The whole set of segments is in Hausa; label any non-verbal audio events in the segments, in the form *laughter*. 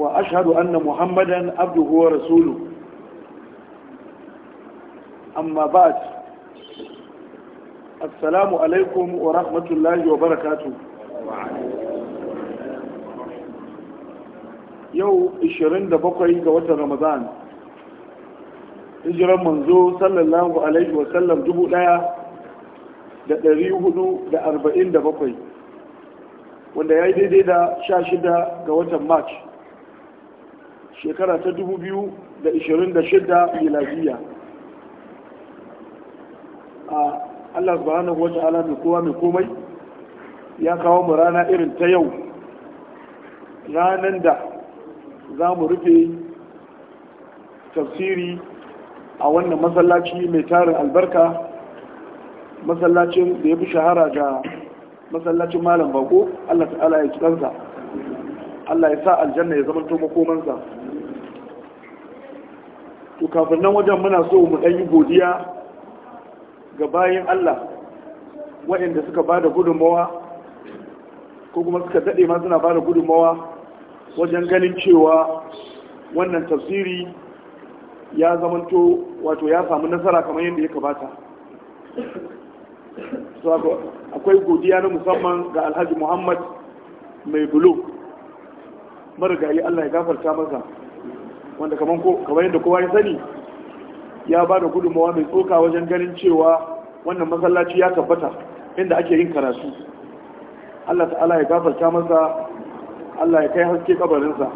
Wa Muhammadan واشهد ان محمدا عبده ورسوله اما بعد alaikum wa rahmatullahi wa barakatu. yau 27 ga watan ramadan hijiran manzo sallallahu alaihi wa sallam dubu daya da dari hudu da arba'in da bakwai wanda ya yi daidai da sha shida ga watan march 2019 shekara ta 2026 miladiya a Allah subhanahu wata'ala mai kowa mai komai ya kawo mu rana irin ta yau ranar da za mu rufe tafsiri a wannan masallaci mai tarin albarka masallacin da ya fi shahara ga masallacin malam bako Allah ta'ala ya ci Allah ya sa aljanna ya zama to komansa. to kafin nan wajen muna so mu ɗan yi godiya ga bayan Allah waɗanda suka ba da gudunmawa ko kuma suka daɗe ma suna ba da gudunmawa wajen ganin cewa wannan tafsiri ya zamanto wato ya samu nasara kamar yadda ya kamata akwai godiya na musamman ga alhaji muhammad mai bulo marigayi allah ya gafarta masa wanda kamar ko kamar yadda kowa ya sani ya ba da gudunmawa mai tsoka wajen ganin cewa wannan masallaci ya tabbata inda ake yin karatu Allah ta'ala ya gafarta masa Allah ya kai haske kabarinsa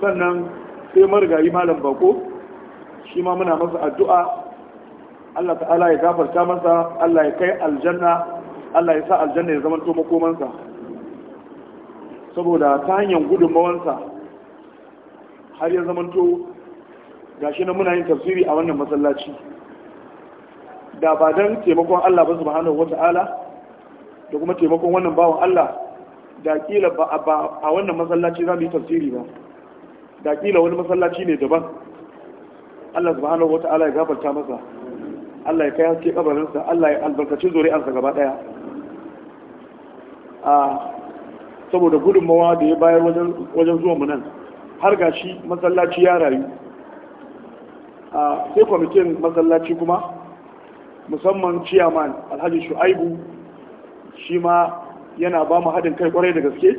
sannan sai marigayi malam bako shi ma muna masa addu'a Allah ta'ala ya gafarta masa Allah ya kai aljanna Allah ya sa aljanna ya zama to makomansa saboda ta hanyar gudunmawansa har ya zamanto gashi na muna yin tafsiri a wannan masallaci da ba don taimakon Allah ba subhanahu wata'ala da kuma taimakon wannan bawan Allah da kila ba a wannan masallaci za mu yi tafsiri ba da kila wani masallaci ne daban Allah subhanahu wata'ala ya gafarta masa Allah ya kai haske kabarinsa Allah ya albarkaci zuri'ansa gaba daya a ah, saboda gudunmawa da ya bayar wajen zuwan mu nan har gashi masallaci ya rayu a sai kwamitin masallaci kuma musamman ciyaman alhaji shu'aibu shi ma yana ba mu haɗin kai kwarai da gaske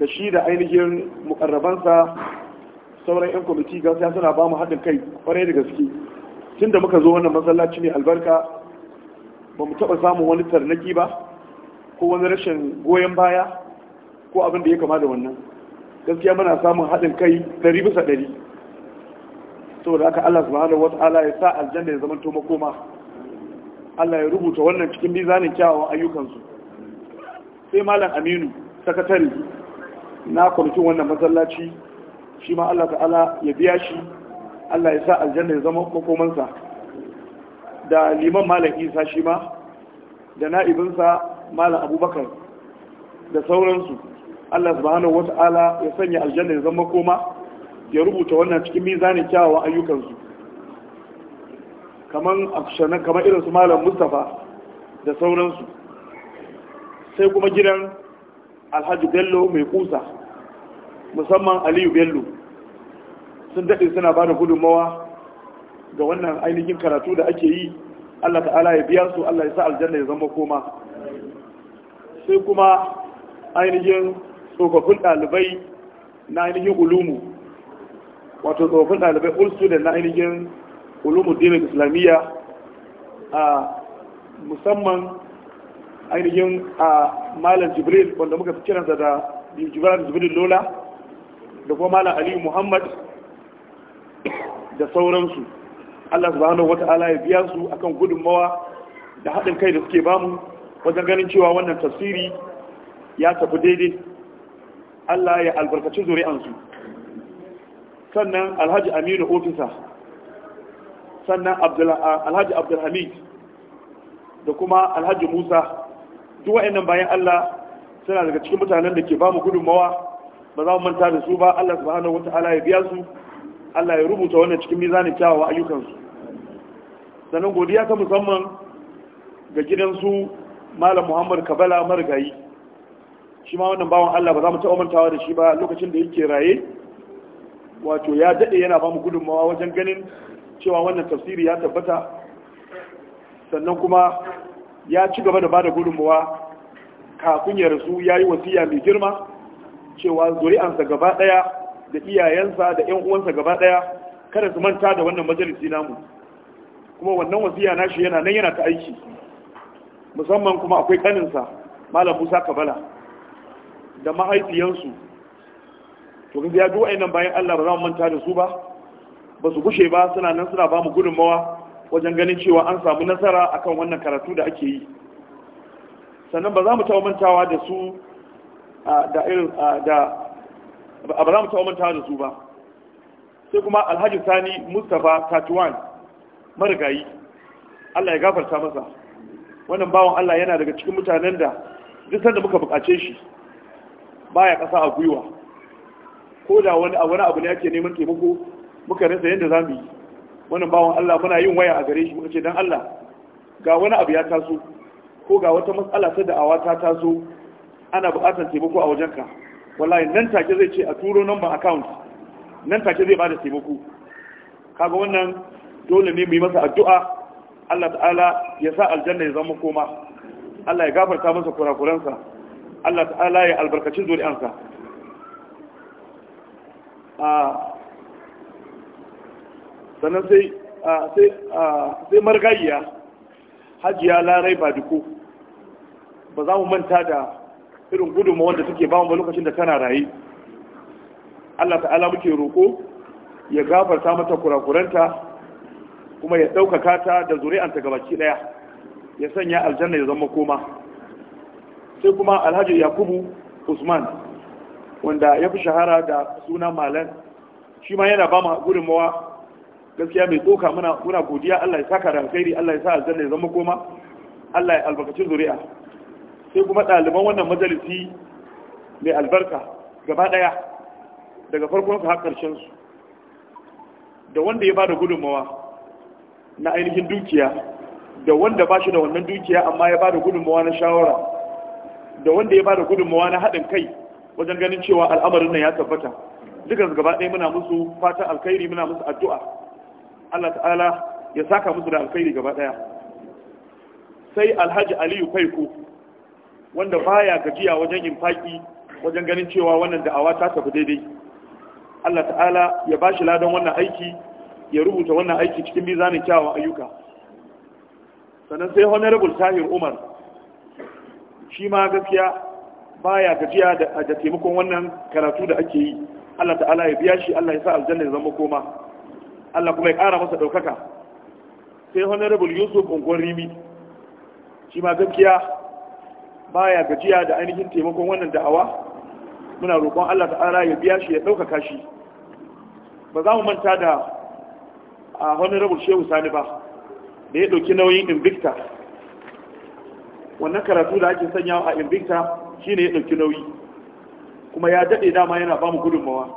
da shi da ainihin mukarrabansa sauran 'yan kwamiti ya suna ba mu haɗin kai kwarai da gaske tun da muka zo wannan masallaci ne albarka ba mu taɓa samun wani tarnaki ba ko wani rashin goyon baya ko abin da ya kama da wannan gaskiya muna samun haɗin kai ɗari bisa ɗari saboda aka Allah subhanahu wata'ala ya sa aljanna ya zama to makoma Allah ya rubuta wannan cikin mizanin kyawawan ayyukansu sai malam Aminu sakatare na kwamitin wannan masallaci shi ma Allah ta'ala ya biya shi Allah ya sa aljanna ya zama makomansa da liman malam Isa shi ma da na'ibinsa malam Abubakar da sauransu Allah subhanahu wata'ala ya sanya aljanna ya zama koma ya rubuta wannan cikin mizanin kyawawan ayyukansu kaman afshana kaman irin su malam Mustafa da sauransu sai kuma gidan Alhaji Bello mai kusa musamman Aliyu Bello sun daɗe suna ba da gudunmawa ga wannan ainihin karatu da ake yi Allah ta'ala ya biya su Allah ya sa aljanna ya zama koma sai kuma ainihin tsofaffin ɗalibai na ainihin ulumu wato tsofaffin ɗalibai all student na ainihin ulumu dinin islamiyya a musamman ainihin a malam jibril wanda muka fi kiransa da jibril jibril lola da kuma malam aliyu muhammad da sauransu allah wata wata'ala ya biya su akan gudunmawa da haɗin kai da suke bamu wajen ganin cewa wannan tafsiri ya tafi daidai Allah ya albarkaci zuri'ansu sannan alhaji aminu ofisa sannan alhaji abdulhamid da kuma alhaji musa duk inan bayan Allah suna daga cikin mutanen da ke ba mu gudunmawa ba za mu manta da su ba Allah subhanahu wata'ala ya biya su Allah ya rubuta wannan cikin mizanin kyawawa ayyukansu sannan godiya ta musamman ga gidansu malam muhammad kabala marigayi shi ma wannan bawan Allah ba za mu taɓa mantawa da shi ba lokacin da yake raye wato ya daɗe yana ba mu gudunmawa wajen ganin cewa wannan tafsiri ya tabbata sannan kuma ya ci gaba da ba da gudunmawa kafin ya rasu ya yi wasiya mai girma cewa zuri'ansa gaba ɗaya da iyayensa da 'yan uwansa gaba ɗaya kada su manta da wannan majalisi namu kuma wannan wasiya nashi yana nan yana ta aiki musamman kuma akwai kaninsa malam musa kabala da mahaifiyansu to ga ya duwa nan bayan Allah ba za mu manta da su ba ba su gushe ba suna nan suna ba mu gudunmawa wajen ganin cewa an samu nasara akan wannan karatu da ake yi sannan ba za mu taɓa mantawa da su da da ba za mu taɓa mantawa da su ba sai kuma alhaji sani mustapha tatuwan marigayi allah ya gafarta masa wannan bawan allah yana daga cikin mutanen da duk sanda muka buƙace shi baya kasa a gwiwa ko da wani abu ne ake neman taimako muka rasa yadda za mu yi wannan bawon Allah muna yin waya a gare shi muka ce dan Allah ga wani abu ya taso ko ga wata matsala ta da'awa ta taso ana buƙatar taimako a wajenka wallahi nan take zai ce a turo number account nan take zai bada taimako kaga wannan dole ne mu yi masa addu'a Allah ta'ala ya sa aljanna ya zama koma Allah ya gafarta masa kurakuransa Allah ta'ala ya albarkacin zuri'ansa sannan sai margayiya hajiya larai ba duku ba za mu manta da irin gudunmu wanda suke ba mu lokacin da tana rayu Allah ta'ala muke roƙo ya gafarta mata kurakuranta kuma ya ɗaukaka ta da zuri'anta gabaki ɗaya ya sanya aljanna ya zama koma sai kuma alhaji yakubu usman wanda ya fi shahara da suna malan shi ma yana ba mu mawa gaskiya mai tsoka muna muna godiya Allah ya saka da alkhairi Allah ya sa aljanna ya zama koma Allah ya albarkaci zuri'a sai kuma ɗaliban wannan majalisi mai albarka gaba ɗaya daga farkon su har su da wanda ya ba da gudunmawa na ainihin dukiya da wanda ba shi da wannan dukiya amma ya ba da gudunmawa na shawara da wanda ya bada gudunmawa na haɗin kai wajen ganin cewa al'amarin nan ya tabbata duka gaba ɗaya muna musu fatan alkhairi muna musu addu'a Allah ta'ala ya saka musu da alkhairi gaba ɗaya sai alhaji aliyu faiko wanda baya gajiya wajen yin faki wajen ganin cewa wannan da'awa ta tafi daidai Allah ta'ala ya bashi ladan wannan aiki ya rubuta wannan aiki cikin mizanin kyawawan ayyuka sannan sai honorable tahir umar shi ma gaskiya ba ya gajiya da taimakon wannan karatu da ake yi Allah ta'ala ya biya shi Allah ya sa aljanna ya zama koma Allah kuma ya ƙara masa ɗaukaka sai honorable yusuf unguwar rimi shi ma gaskiya ba ya gajiya da ainihin taimakon wannan da'awa muna roƙon Allah ta'ala ya biya shi ya ɗaukaka shi ba za mu manta da a honorable shehu sani ba da ya ɗauki nauyin invicta wannan karatu da ake sanyawa a invicta shine ya ɗauki nauyi kuma ya daɗe dama yana ba mu gudunmawa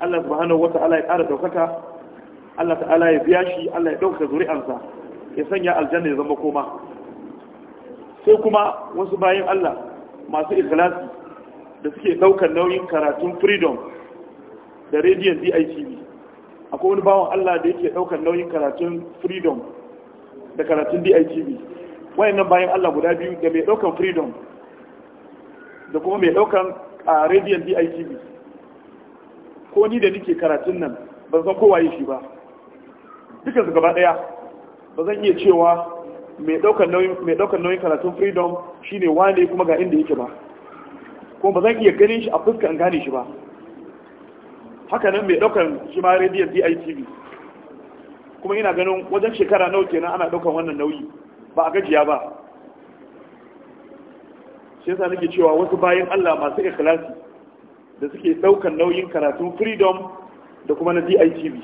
Allah subhanahu wata'ala ya ƙara ɗaukaka Allah ta'ala ya biya shi Allah ya ɗaukaka zuri'ansa ya sanya aljanna ya zama koma sai kuma wasu bayan Allah masu ikhlasi da suke ɗaukar nauyin karatun freedom da radiyon DITV akwai wani bawan Allah da yake ɗaukar nauyin karatun freedom da karatun DITV nan bayan Allah guda biyu da mai daukan freedom da kuma mai daukan a radiant DITV ko ni da nike karatun nan ban san kowa shi ba dukkan su gaba daya ba zan iya cewa mai daukan nauyin mai daukan karatun freedom shine wane kuma ga inda yake ba kuma ba zan iya ganin shi a fuska an gane shi ba haka nan mai daukan shi ma radiant DITV kuma ina ganin wajen shekara nawa kenan ana daukan wannan nauyi ba a gajiya ba shi yasa nake cewa wasu bayan Allah masu ikhlasi da suke daukan nauyin karatun freedom da kuma na DITV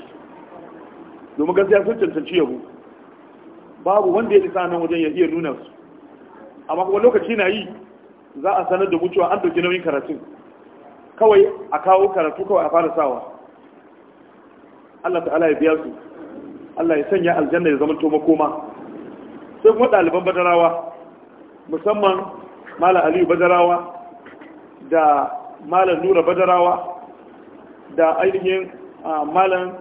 domin gaskiya sun cancanci yabo babu wanda ya isa nan wajen ya iya nuna su amma kuma lokaci na yi za a sanar da mutuwa an dauki nauyin karatun kawai a kawo karatu kawai a fara sawa Allah ta'ala ya biya su Allah ya sanya aljanna ya zama to makoma sai kuma ɗaliban badarawa musamman malam aliyu badarawa da malam nura badarawa da ainihin malam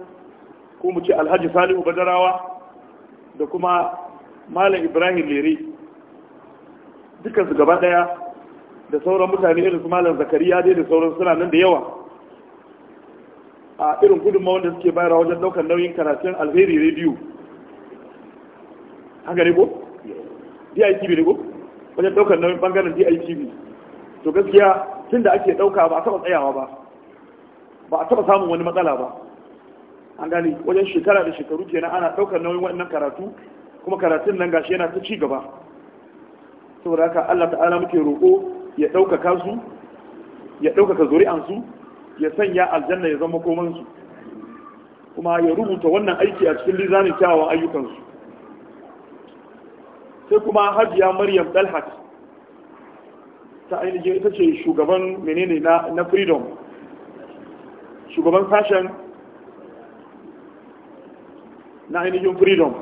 ko ce alhaji salihu badarawa da kuma malam ibrahim lere dukansu gaba ɗaya da sauran mutane irin su malam zakariya dai da sauran suna nan da yawa a irin gudunmawar da suke bayarwa wajen ɗaukar nauyin karatun alheri rediyo haka ne ko ne ko wajen daukar nauyin bangaren to gaskiya tun da ake dauka ba a taba tsayawa ba ba a taba samun wani matsala ba an gani wajen shekara da shekaru kenan ana daukar nauyin wannan karatu kuma karatun nan gashi yana ta ci gaba saboda haka Allah ta'ala muke roƙo ya ɗaukaka su ya ɗaukaka zuri'ansu ya sanya aljanna ya zama komansu kuma ya rubuta wannan aiki a cikin lizanin kyawawan ayyukansu sai kuma hajiya maryam dalhat ta ainihin ita ce shugaban menene na freedom shugaban sashen na ainihin freedom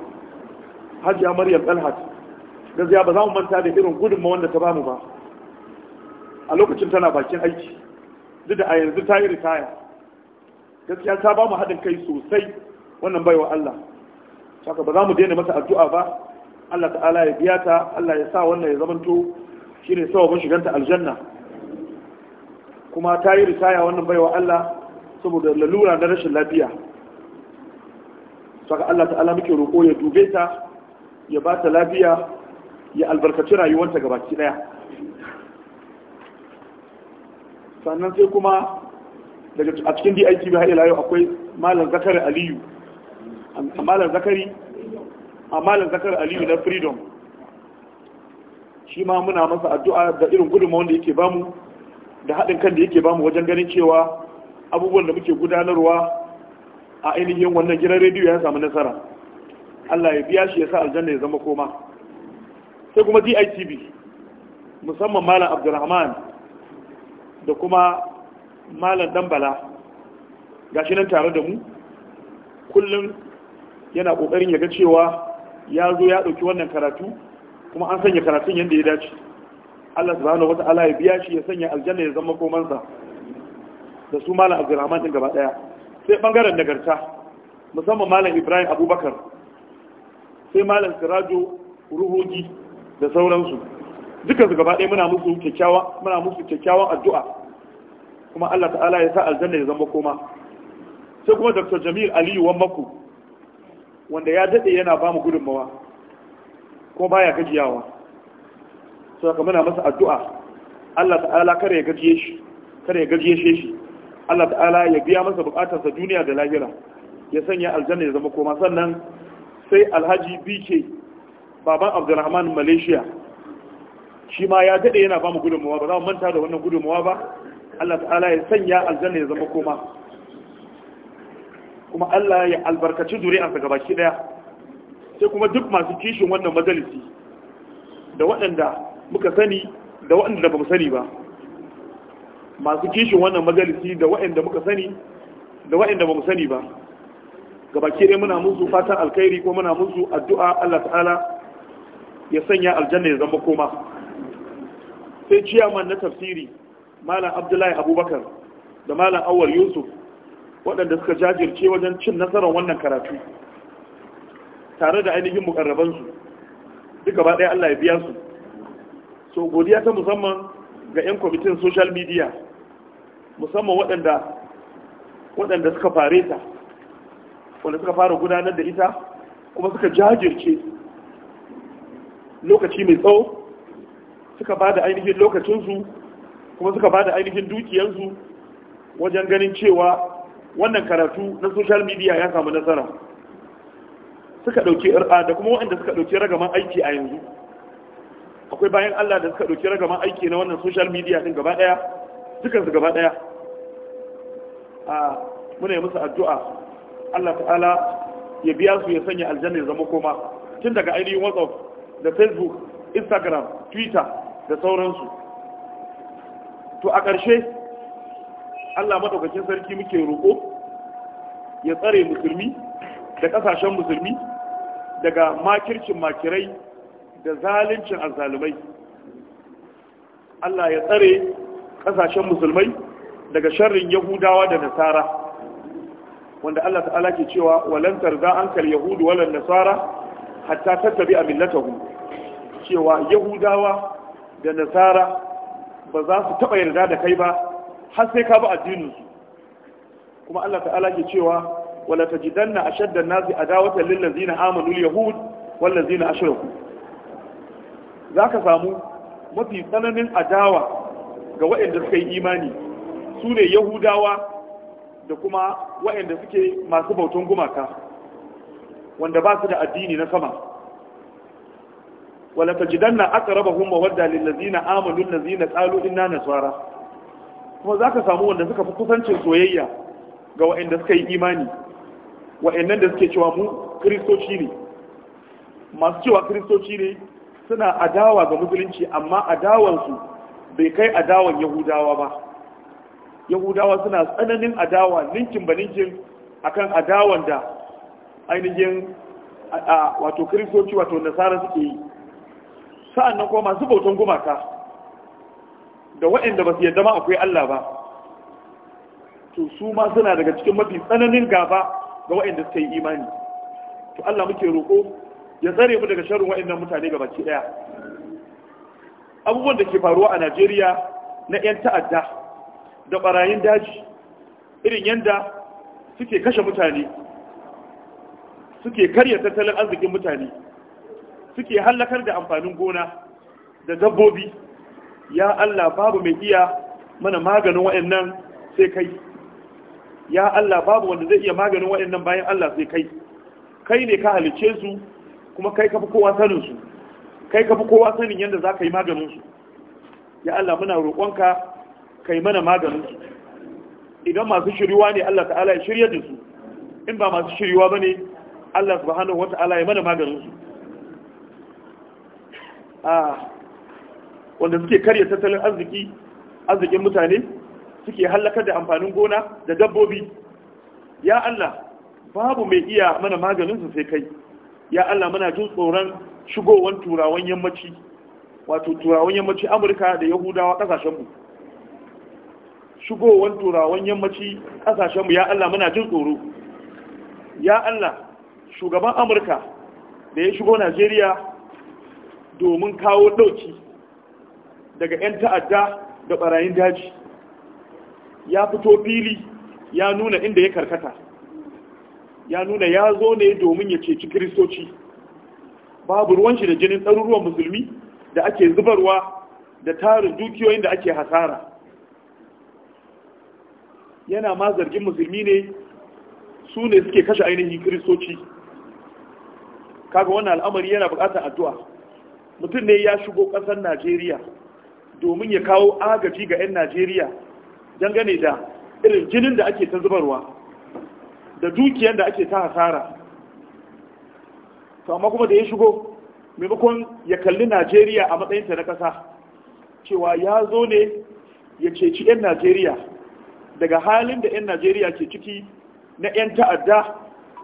hajiya maryam dalhat gaziya ba za mu manta da irin gudunma wanda ta bamu ba a lokacin tana bakin aiki duk da a yanzu ta yi ritaya gaskiya ta ba mu haɗin kai sosai wannan baiwa Allah saka ba za mu daina masa addu'a ba Allah ta'ala ya biya ta Allah ya sa wannan ya zamanto shi ne sababin shiganta aljanna kuma ta yi ritaya wannan baiwa Allah saboda lalura na rashin lafiya saka Allah ta'ala muke roƙo ya dube ta ya ba ta lafiya ya albarkaci rayuwarta gabaki daya sannan sai kuma daga a cikin bai har ila yau akwai malam zakari aliyu malam zakari a malam zakar aliyu na freedom shi ma muna masa addu'a da irin gudunmawa wanda yake bamu da haɗin kan da yake bamu wajen ganin cewa abubuwan da muke gudanarwa a ainihin wannan gidan rediyo ya samu nasara allah ya biya shi ya sa aljanna ya zama koma sai kuma ditv musamman malam abdulrahman da kuma malam dambala gashi nan tare da mu kullum yana ƙoƙarin ya ga cewa ya zo ya ɗauki wannan karatu kuma an sanya karatun yadda ya dace Allah subhanahu wata'ala ya biya shi ya sanya aljanna ya zama komansa da su malam abdulrahman din gaba daya sai bangaren nagarta musamman malam ibrahim abubakar sai malam sirajo ruhoji da sauransu duka su gaba daya muna musu kyakkyawa muna musu kyakkyawan addu'a kuma Allah ta'ala ya sa aljanna ya zama koma sai kuma dr jamil aliyu wammaku wanda ya daɗe yana ba mu gudunmawa kuma baya gajiyawa sau ka muna masa addu'a Allah ta'ala kare ya gaji kare ya gajiye shi Allah ta'ala ya biya masa bukatarsa duniya da lahira ya sanya aljanna ya zama koma sannan sai alhaji bk baban abdulrahman malaysia shi ma ya daɗe yana ba mu gudunmawa ba za mu manta da wannan gudunmawa ba Allah ta'ala ya sanya aljanna ya zama koma kuma Allah ya albarkaci zuri'arsa ga baki daya sai kuma duk masu kishin wannan majalisi da waɗanda muka sani da waɗanda ba mu sani ba masu kishin wannan majalisi da waɗanda muka sani da waɗanda ba mu sani ba ga baki dai muna musu fatan alkhairi ko muna musu addu'a Allah ta'ala ya sanya aljanna ya zama koma sai ciyaman na tafsiri malam abdullahi abubakar da malam awwal yusuf waɗanda suka jajirce wajen cin nasarar wannan karatu tare da ainihin mukarrabansu duka ba ɗaya Allah ya biya su so godiya ta musamman ga 'yan kwamitin social media musamman waɗanda waɗanda suka fare ta wanda suka fara gudanar da ita kuma suka jajirce lokaci mai tsawo suka ba da ainihin lokacinsu kuma suka ba da ainihin dukiyansu wajen ganin cewa wannan karatu na social media ya samu nasara suka dauki da kuma waɗanda suka dauki ragaman aiki a yanzu akwai bayan Allah da suka dauki ragaman aiki na wannan social media din gaba daya dukkan su gaba daya a muna yi musu addu'a Allah ta'ala ya biya su ya sanya aljanna ya zama koma tun daga ainihin WhatsApp da Facebook Instagram Twitter da sauransu to a ƙarshe Allah madaukakin sarki muke roƙo ya tsare musulmi da ƙasashen musulmi daga makircin makirai da zaluncin azzalumai Allah ya tsare ƙasashen musulmai daga sharrin yahudawa da nasara wanda Allah ta'ala ke cewa walantar za an kal yahudu wala nasara hatta tattabi a millatahu cewa yahudawa da nasara ba za su taɓa yarda da kai ba har sai ka bi addinin su kuma Allah ta'ala ke cewa wala tajidanna ashadda an-nasi adawatan lil ladzina amanu al-yahud wal ladzina ashraku zaka samu mafi tsananin adawa ga waɗanda suka yi imani su ne yahudawa da kuma waɗanda suke masu bautan gumaka wanda ba su da addini na sama wala tajidanna aqrabahum mawadda lil ladzina amanu allazina qalu inna nasara kuma za ka samu wanda suka fi kusancin soyayya ga wa'inda suka yi imani wa'inda da suke cewa mu kiristoci ne masu cewa kiristoci ne suna adawa ga musulunci amma adawansu bai kai adawan yahudawa ba yahudawa suna tsananin adawa ninkin ba ninkin akan adawan da ainihin wato kiristoci wato nasara suke yi sa'annan kuma masu bautan gumaka da waɗanda ba su yadda ma akwai Allah ba to su ma suna daga cikin mafi tsananin gaba ga waɗanda suka yi imani to Allah muke roƙo ya tsare mu daga sharrin waɗannan mutane ga baki ɗaya abubuwan da ke faruwa a Najeriya na 'yan ta'adda da barayin daji irin yanda suke kashe mutane suke karya tattalin arzikin mutane suke hallakar da amfanin gona da dabbobi ya Allah babu mai iya mana maganin waɗannan sai kai ya Allah babu wanda zai iya maganin waɗannan bayan Allah sai kai kai ne ka halice su kuma kai ka fi kowa sanin su kai ka fi kowa sanin yadda za ka yi maganin su ya Allah muna roƙonka kai mana maganin su idan masu shiriwa ne Allah ta'ala ya shirya da su in ba masu shiriwa ba ne Allah subhanahu wa ta'ala ya mana maganin su ah. wanda suke karya tattalin arziki arzikin mutane suke hallakar da amfanin gona da dabbobi ya Allah babu mai iya mana maganin su sai kai ya Allah muna jin tsoron shigowar turawan yammaci wato turawan yammaci Amurka da Yahudawa kasashen mu shigowar turawan yammaci kasashen mu ya Allah muna jin tsoro ya Allah shugaban Amurka da ya shigo Najeriya domin kawo dauki daga 'yan ta'adda da barayin daji ya fito fili ya nuna inda ya karkata ya nuna ya zo ne domin ya ceci kiristoci babu ruwan shi da jinin ɗaruruwan musulmi da ake zubarwa da tarin dukiyoyin da ake hasara yana ma zargin musulmi ne su ne suke kashe ainihin kiristoci kaga wannan al'amari yana bukatar addu'a mutum ne ya shigo ƙasar najeriya domin ya kawo agaji ga 'yan najeriya dangane da irin jinin da ake ta zubarwa da dukiyar da ake ta hasara to amma kuma da ya shigo maimakon ya kalli najeriya a matsayinta na kasa, cewa ya zo ne ya ceci 'yan najeriya daga halin da 'yan najeriya ke ciki na 'yan ta'adda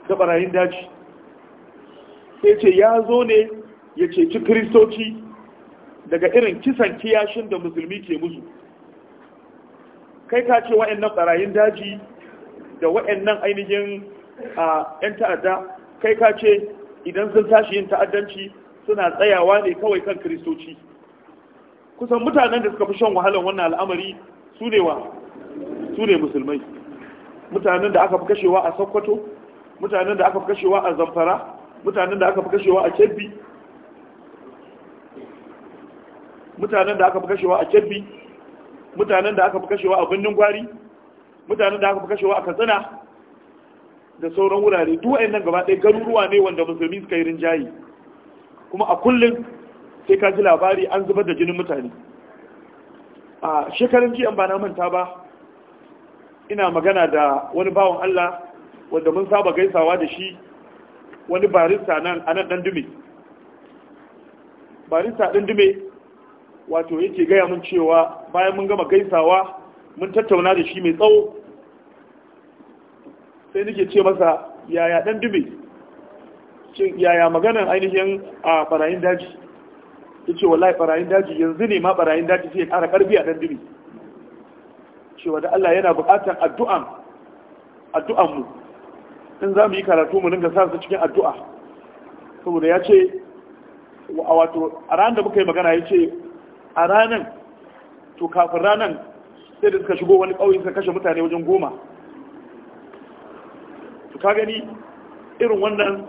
da barayin daji sai ce ya zo ne ya ceci kiristoci daga irin kisan kiyashin da musulmi ke musu kai ka ce wa'annan barayin daji da wa'annan ainihin a 'yan ta'adda kai ka ce idan sun tashi yin ta'addanci suna tsayawa ne kawai kan kiristoci kusan mutanen da suka fi shan wahalar wannan al'amari su ne wa su ne musulmai mutanen da aka fi kashewa a sokoto mutanen da aka fi kashewa a zamfara mutanen da aka fi kashewa a kebbi mutanen da aka fi kashewa a kebbi mutanen da aka fi kashewa a birnin gwari mutanen da aka fi kashewa a katsina da sauran wurare duk nan gaba ɗaya garuruwa ne wanda musulmi suka yi rinjaye kuma a kullum sai ka ji labari an zubar da jinin mutane a shekarun jiya ba na manta ba ina magana da wani bawan Allah wanda mun saba gaisawa da shi wani barista nan a nan ɗan dume barista ɗan dume wato yake gaya mun cewa bayan mun gama gaisawa mun tattauna da shi mai tsawo sai nake ce masa yaya dan dube yaya maganan ainihin a barayin daji ya ce wallahi barayin daji yanzu ne ma barayin daji sai ya kara a dan dube cewa da Allah yana buƙatar addu'an addu'an mu in za mu yi karatu mu dinga sa su cikin addu'a saboda ya ce wato a ran da muka yi magana ya ce a ranan to kafin ranan sai da suka shigo wani ƙauyen suka kashe mutane wajen goma to ka gani irin wannan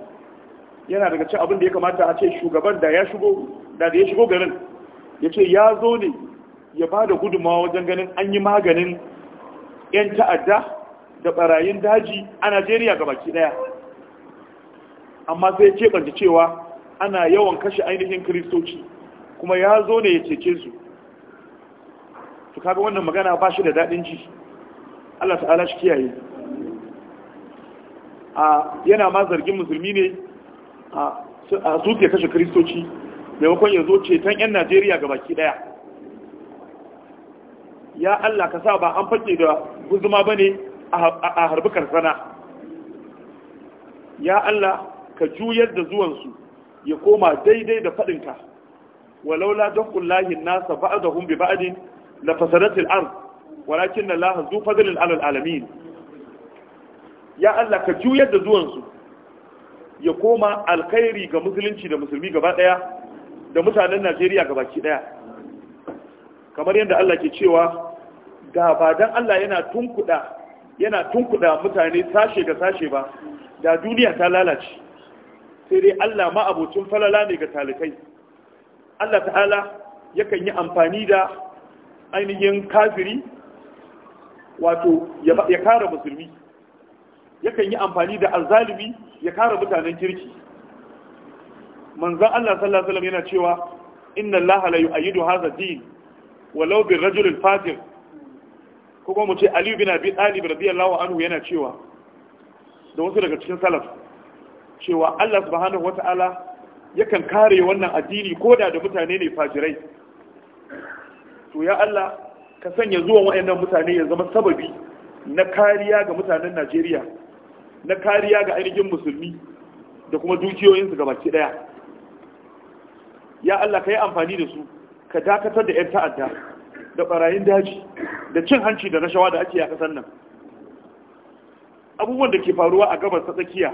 yana daga cin abin da ya kamata a ce shugaban da ya shigo da da ya shigo garin ya ce ya zo ne ya ba da gudunmawa wajen ganin an yi maganin 'yan ta'adda da barayin daji a najeriya ga baki daya amma sai ce banci cewa ana yawan kashe ainihin kiristoci kuma ya zo ne ya cece su to kaga wannan magana ba shi da daɗin ji Allah ta'ala shi kiyaye a yana ma zargin musulmi ne a zuke kashe kristoci maimakon ya zo ceton 'yan najeriya ga baki ɗaya ya Allah ka sa ba an fake da guzuma ba ne a harbi karsana ya Allah ka juyar da zuwansu ya koma daidai da faɗinka walaula dafqul lahi an-nas ba'dahum bi ba'din la fasadat al-ard walakin Allah zu fadlin 'ala ya Allah ka juyar da zuwansu ya koma alkhairi ga musulunci da musulmi gaba daya da mutanen Najeriya gabaki daya kamar yadda Allah ke cewa da ba dan Allah yana tunkuda yana tunkuda mutane sashe ga sashe ba da duniya ta lalace sai dai Allah ma abocin falala ne ga talikai Allah ta'ala yakan yi amfani da ainihin kafiri wato ya kara musulmi yakan yi amfani da alzalimi ya kara mutanen kirki manzan Allah sallallahu alaihi yana cewa inna Allah la yu'ayyidu hadha din walau bir rajul al-fajir kuma mu ce Ali bin Abi Talib radiyallahu anhu yana cewa da wasu daga cikin salaf cewa Allah subhanahu wata'ala yakan kare wannan addini koda da mutane ne fajirai to ya Allah ka sanya zuwan waɗannan mutane ya zama sababi na kariya ga mutanen Najeriya na kariya ga ainihin musulmi da kuma dukiyoyinsu ga baki daya ya Allah ka yi amfani da su ka dakatar da 'yan ta'adda da barayin daji da cin hanci da rashawa da ake a kasan nan abubuwan da ke faruwa a gabas ta tsakiya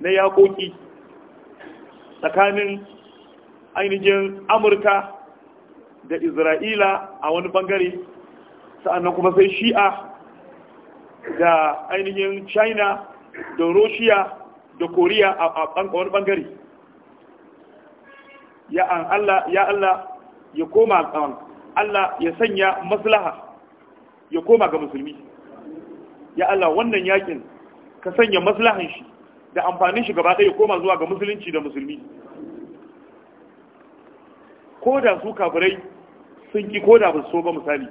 na yaƙoƙi tsakanin ainihin amurka da isra'ila a wani bangare sa'annan kuma sai shi'a da ainihin china da russia da koriya a wani bangare ya an allah ya allah ya koma kan allah ya sanya maslaha ya koma ga musulmi ya allah wannan yakin ka sanya maslahan shi da amfanin shi gaba ɗaya koma zuwa ga musulunci da musulmi ko da su kafirai sun ki ko da basu so ba misali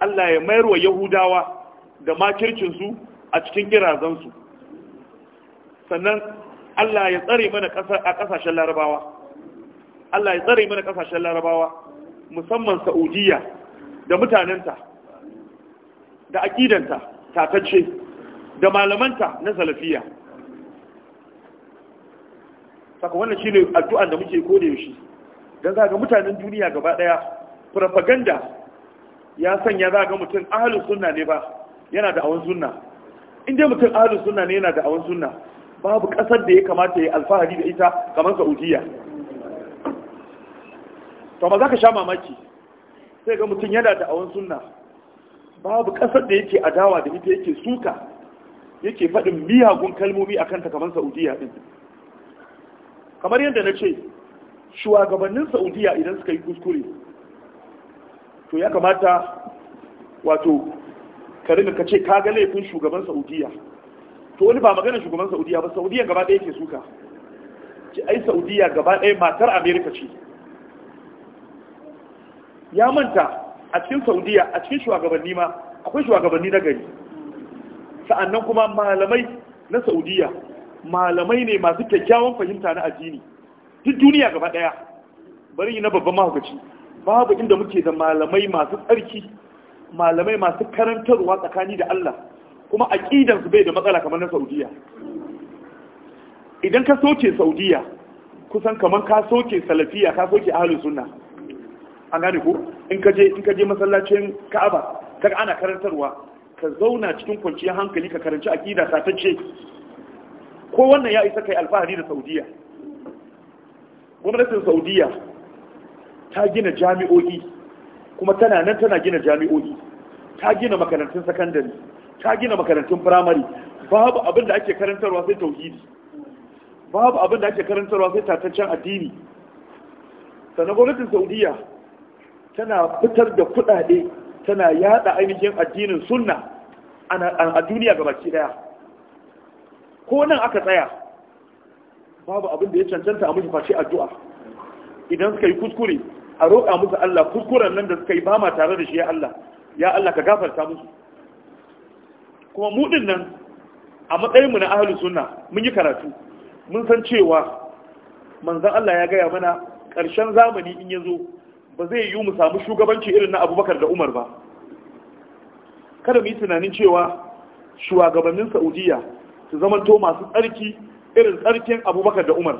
Allah ya mayar wa yahudawa da makircinsu a cikin kirazansu sannan Allah ya tsare mana a ƙasashen larabawa Allah ya tsare mana ƙasashen larabawa musamman Sa'udiyya da mutanenta da aƙidanta tatacce da malamanta na salafiyya saka wannan shi ne addu'an da muke ko da yaushe dan za ga mutanen duniya gaba daya propaganda ya sanya za ga mutum ahlus suna ne ba yana da awon sunna in dai mutum ahlus suna ne yana da awon sunna babu kasar da ya kamata ya alfahari da ita kamar Saudiya to ma za ka sha mamaki sai ga mutum yana da awon sunna babu kasar da yake adawa da ita yake suka yake faɗin miyagun kalmomi a kanta kamar Saudiya ɗin. kamar yadda na ce shugabannin saudiya idan suka yi kuskure to ya kamata wato ka ka ce ka ga laifin shugaban saudiya to wani ba magana shugaban saudiya ba saudiya gaba ɗaya ke suka ce ai saudiya gaba ɗaya matar amerika ce ya manta a cikin saudiya a cikin shugabanni ma akwai shugabanni na gari sa'annan kuma malamai na saudiya malamai ne masu kyakkyawan fahimta na addini duk duniya gaba daya bari yi na babban mahaukaci babu inda muke da malamai masu tsarki malamai masu karantarwa tsakani da Allah kuma a su bai da matsala kamar na Saudiya idan ka soke Saudiya kusan kamar ka soke salafiya ka soke ahlus sunna an gane ku in ka je in ka je masallacin Ka'aba kaga ana karantarwa ka zauna cikin kwanciyar hankali ka karanci ta tace ko wannan ya isa kai alfahari da saudiya gwamnatin saudiya ta gina jami'o'i kuma tana nan tana gina jami'o'i ta gina makarantun sakandare ta gina makarantun firamare babu abin da ake karantarwa sai tauhidi babu abin da ake karantarwa sai tataccen addini sannan gwamnatin saudiya tana fitar da kuɗaɗe, tana yada ainihin addinin sunna a duniya gabaki daya ko nan aka tsaya babu abin da ya cancanta a musu face addu'a idan suka yi kuskure a roƙa musu Allah kuskuren nan da suka yi ba ma tare da shi ya Allah ya Allah ka gafarta musu kuma mu din nan a matsayin mu na ahlus sunna mun yi karatu mun san cewa manzon Allah ya gaya mana ƙarshen zamani in yazo ba zai yi mu samu shugabanci irin na Abubakar da Umar ba kada mu yi tunanin cewa shugabannin Saudiya su zamanto masu tsarki irin tsarkin abubakar da umar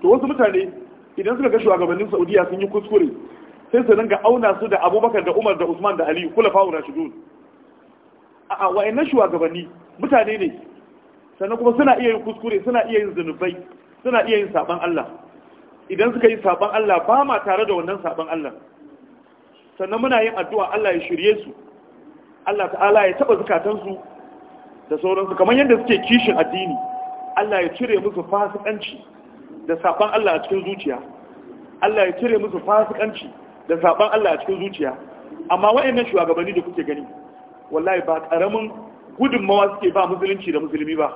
to wasu mutane idan suka ga shugabannin saudiya sun yi kuskure sai su dinga auna su da abubakar da umar da usman da aliyu kula A'a, rashidun a wa'annan shugabanni mutane ne sannan kuma suna iya yin kuskure suna iya yin zunubai suna iya yin saban allah idan suka yi saban allah ba ma tare da wannan saban allah sannan muna yin addu'a allah ya shirye su allah ta'ala ya taɓa zukatansu da sauransu kamar yadda suke kishin addini Allah ya cire musu fasikanci da saban Allah a cikin zuciya Allah ya cire musu fasikanci da saban Allah a cikin zuciya amma waɗannan shugabanni da kuke gani wallahi ba karamin gudunmawa suke ba musulunci da musulmi ba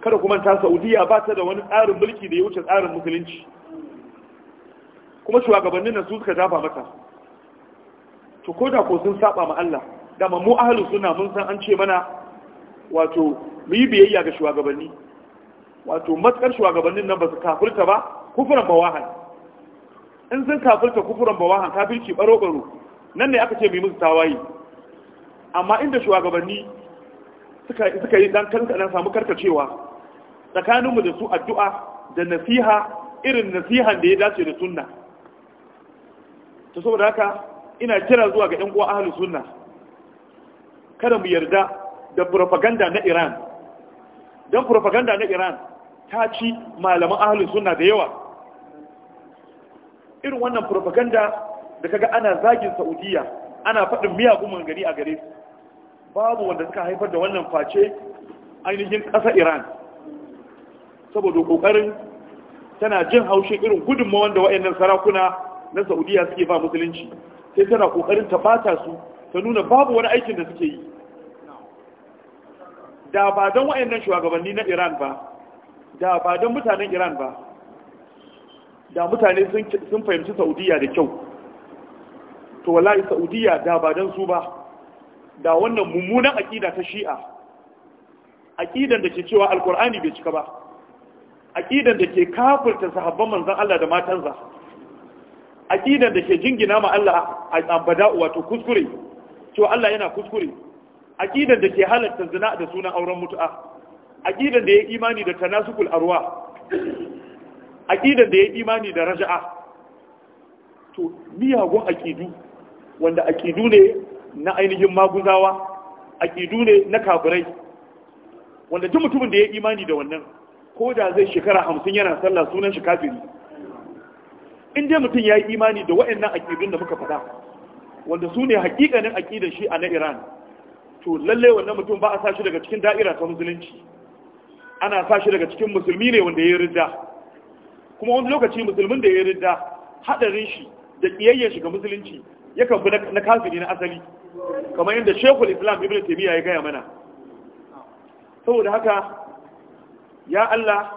kada kuma ta Saudiya ba ta da wani tsarin mulki da ya wuce tsarin musulunci kuma shugabannin nan su suka dafa mata to ko ko sun saba ma Allah dama mu ahalus suna mun san an ce mana wato mu yi biyayya ga shugabanni wato matsar shugabannin nan ba su kafirta ba kufuran bawahan in sun kafirta kufuran bawahan kafirci baro-baro nan ne aka ce mai musu tawaye amma inda shugabanni suka yi dan kankanan samu karkacewa tsakaninmu da su addu'a da nasiha irin nasihan da ya dace da sunna ta saboda haka ina kira zuwa ga 'yan uwa ahalus sunna kada mu yarda da propaganda na Iran don propaganda na Iran ta ci malaman ahalin suna da yawa irin wannan propaganda da kaga ana zagin Saudiya ana faɗin miyagun mangari a gare su babu wanda suka haifar da wannan face ainihin ƙasa Iran saboda ƙoƙarin tana jin haushin irin gudunmawan da waɗannan sarakuna na Saudiya suke ba musulunci sai tana ƙoƙarin ta bata su ta nuna babu wani aikin da suke yi da ba don wa'annan shugabanni na Iran ba da ba don mutanen Iran ba da mutane sun fahimci Saudiya da kyau to wallahi Saudiya da ba don su ba da wannan mummunan aƙida ta Shi'a Aƙidan da ke cewa Alkur'ani bai cika ba Aƙidan da ke kafirta sahabban manzon Allah da matansa Aƙidan da ke jingina ma Allah a wato kuskure cewa Allah yana kuskure aqidar da ke halatta zina da sunan auren mutu'a aqidar da ya imani da tanasukul arwa aqidar da ya imani da raja'a to miyagun aqidu wanda aqidu ne na ainihin maguzawa aqidu ne na kafirai wanda duk mutumin da ya imani da wannan ko da zai shekara hamsin yana sallah sunan shi kafiri in dai mutum ya yi imani da waɗannan aƙidun da muka faɗa wanda su ne hakikanin aƙidar shi a na iran to lalle wannan mutum ba a sa shi daga cikin da'ira ta musulunci ana sa shi daga cikin musulmi ne wanda ya ridda kuma wani lokaci musulmin da ya ridda hadarin shi da kiyayyen shi ga musulunci yakan fi na kafiri na asali kamar yadda shekul islam ibn taymiya ya gaya mana saboda haka ya Allah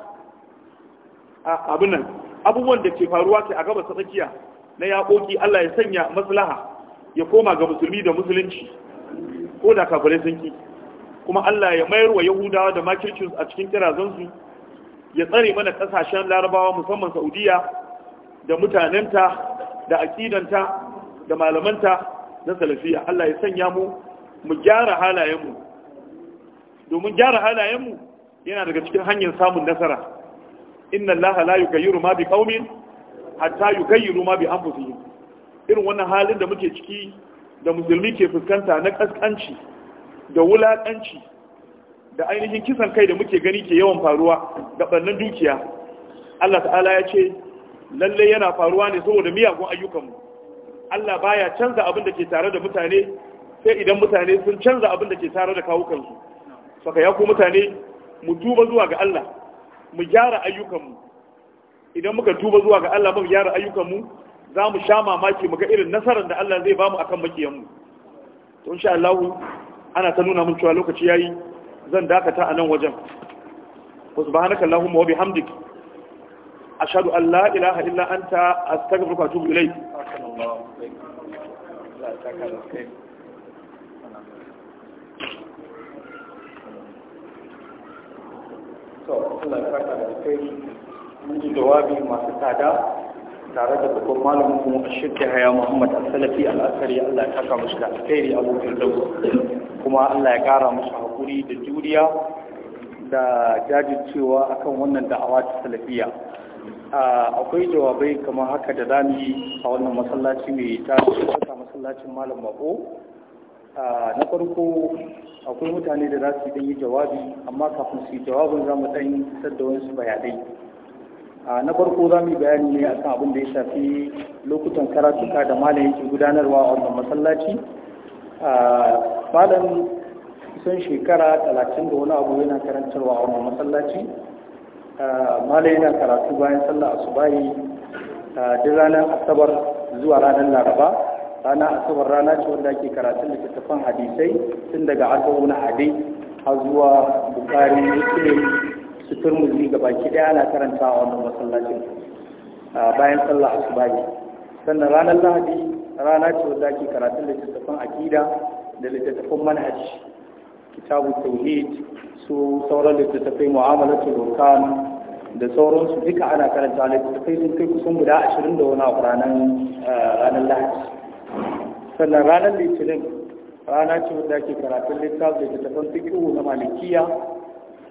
abin nan abubuwan da ke faruwa ke a gabas ta tsakiya na yaƙoƙi Allah ya sanya maslaha ya koma ga musulmi da musulunci ko da kafirai sun ki kuma Allah ya mayar wa Yahudawa da makircin a cikin kirazansu ya tsare mana kasashen Larabawa musamman Saudiya da mutanenta da akidanta da malamanta na salafiya Allah ya sanya mu mu gyara halayenmu domin gyara halayenmu yana daga cikin hanyar samun nasara inna Allah la yughayyiru ma bi qaumin hatta yughayyiru ma bi anfusihim irin wannan halin da muke ciki da musulmi ke fuskanta na kaskanci da wulakanci da ainihin kisan kai da muke gani ke yawan faruwa ga bannan dukiya Allah ta'ala ya ce lallai yana faruwa ne saboda miyagun ayyukanmu Allah baya canza abin da ke tare da mutane sai idan mutane sun canza abin da ke tare da kawukansu saka ya ku mutane mu tuba zuwa ga Allah mu gyara ayyukanmu idan muka tuba zuwa ga Allah mu gyara ayyukanmu za mu sha mamaki mu ga irin nasarar da Allah zai ba mu akan makiyanmu to insha Allah ana ta nuna mun cewa lokaci yayi zan dakata a nan wajen wa subhanaka allahumma wa bihamdik ashhadu an la ilaha illa anta astaghfiruka wa atubu ilayk So, Allah ya saka da kai mun ji jawabi masu tsada tare da babban malamin kuma a shirka haya muhammad al-salafi al-asari allah ya kasa musu da alkhairi abokin dauka kuma allah ya kara musu hakuri da juriya da jajircewa akan wannan da'awa ta salafiya akwai jawabai kamar haka da zamu yi a wannan masallaci mai saka masallacin malam mako. na farko akwai mutane da za su yi jawabi amma kafin su yi jawabin za mu ɗan isar da wasu bayanai na farko za mu yi bayani ne akan abin da ya shafi lokutan karatu karatuka da malam yake gudanarwa a wannan masallaci malam kusan shekara talatin da wani abu yana karantarwa a wannan masallaci malam yana karatu bayan sallah asubahi duk ranar asabar zuwa ranar laraba rana asabar rana ce wanda ake karatun littattafan hadisai tun daga asau na hadai har zuwa bukari muslim su turmuzi ga baki daya ana karanta a wannan masallacin bayan sallah asubahi sannan ranar lahadi rana ce wadda ake karatun littattafan akida da littattafan manhaj kitabu tauhid su sauran littattafai mu'amalatul hukam da sauransu duka ana karanta littattafai sun kai kusan guda ashirin da wani abu ranar eh, lahadi sannan ranar litinin rana ce wadda ake karatun littafi da littattafan fikihu na malikiya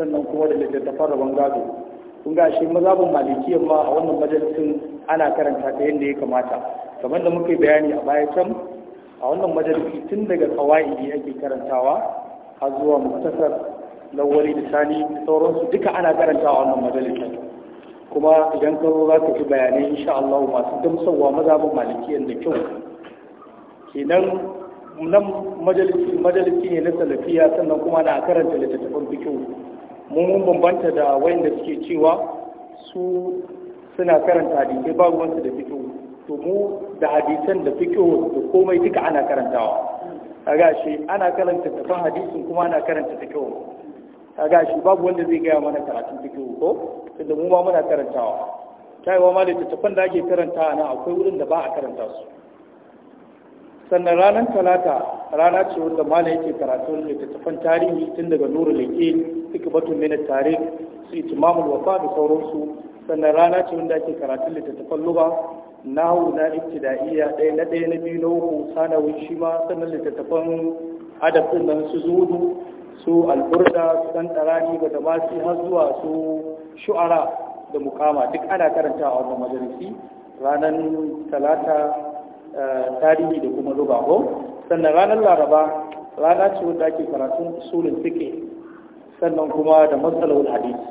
sannan kuma da littattafan rabon gado kun ga shi mazabin malikiya ma a wannan majalisin ana karanta ta yadda ya kamata kamar da muka yi bayani a baya can a wannan majalisi tun daga kawai ake karantawa har zuwa muktasar lawali da sani da sauransu duka ana karantawa a wannan majalisin kuma idan ka zo za ka fi bayanai insha Allah masu gamsarwa mazabin malikiyar da kyau kenan nan majalisi ne na salafiya sannan kuma na karanta littattafan fikihu mun bambanta da wayanda suke cewa su suna karanta hadisai ba wanda da fito to mu da hadisan da fito da komai duka ana karantawa a gashi ana karanta tafan hadisin kuma ana karanta fiqh a gashi babu wanda zai gaya mana karatun fiqh ko tunda mu ma muna karantawa tayiwa ma da tafan da ake karanta nan akwai wurin da ba a karanta su sannan ranar talata rana ce wanda malam yake karatun littattafan tarihi tun daga nuru lake hikmatun ne at-tarikh su itimamul wafa da sauransu sannan rana ce wanda ake karatun littattafan lugha hau na ibtida'iyya ɗaya na ɗaya na biyu na uku sanawi shi ma sannan littattafan adab nan su zuhudu su alburda su dan tarani da damasi har zuwa su shu'ara da mukama duk ana karanta a wannan majalisi ranar talata eh, tarihi da kuma lugha ko sannan ranar laraba rana ce wanda ake karatun usulin fiqh sannan kuma da matsalar hadisi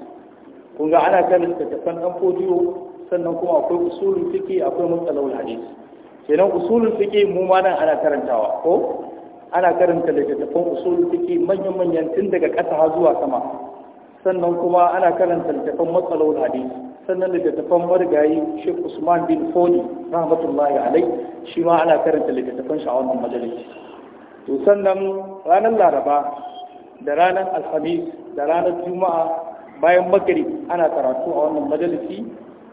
kun ga ana kan littattafan ɗan fodiyo sannan kuma akwai usulun fiƙi akwai matsalar hadisi kenan usulun fiƙi mu ma nan ana karantawa ko ana karanta littattafan usulun fiƙi manyan-manyan tun daga ƙasa zuwa sama sannan kuma ana karanta littattafan matsalar hadisi sannan littattafan marigayi shek usman bin fodi rahmatullahi alai shi ma ana karanta littattafan shi a wannan majalisi to sannan ranar laraba da ranar alhamis da ranar juma'a bayan magari ana karatu a wannan majalisi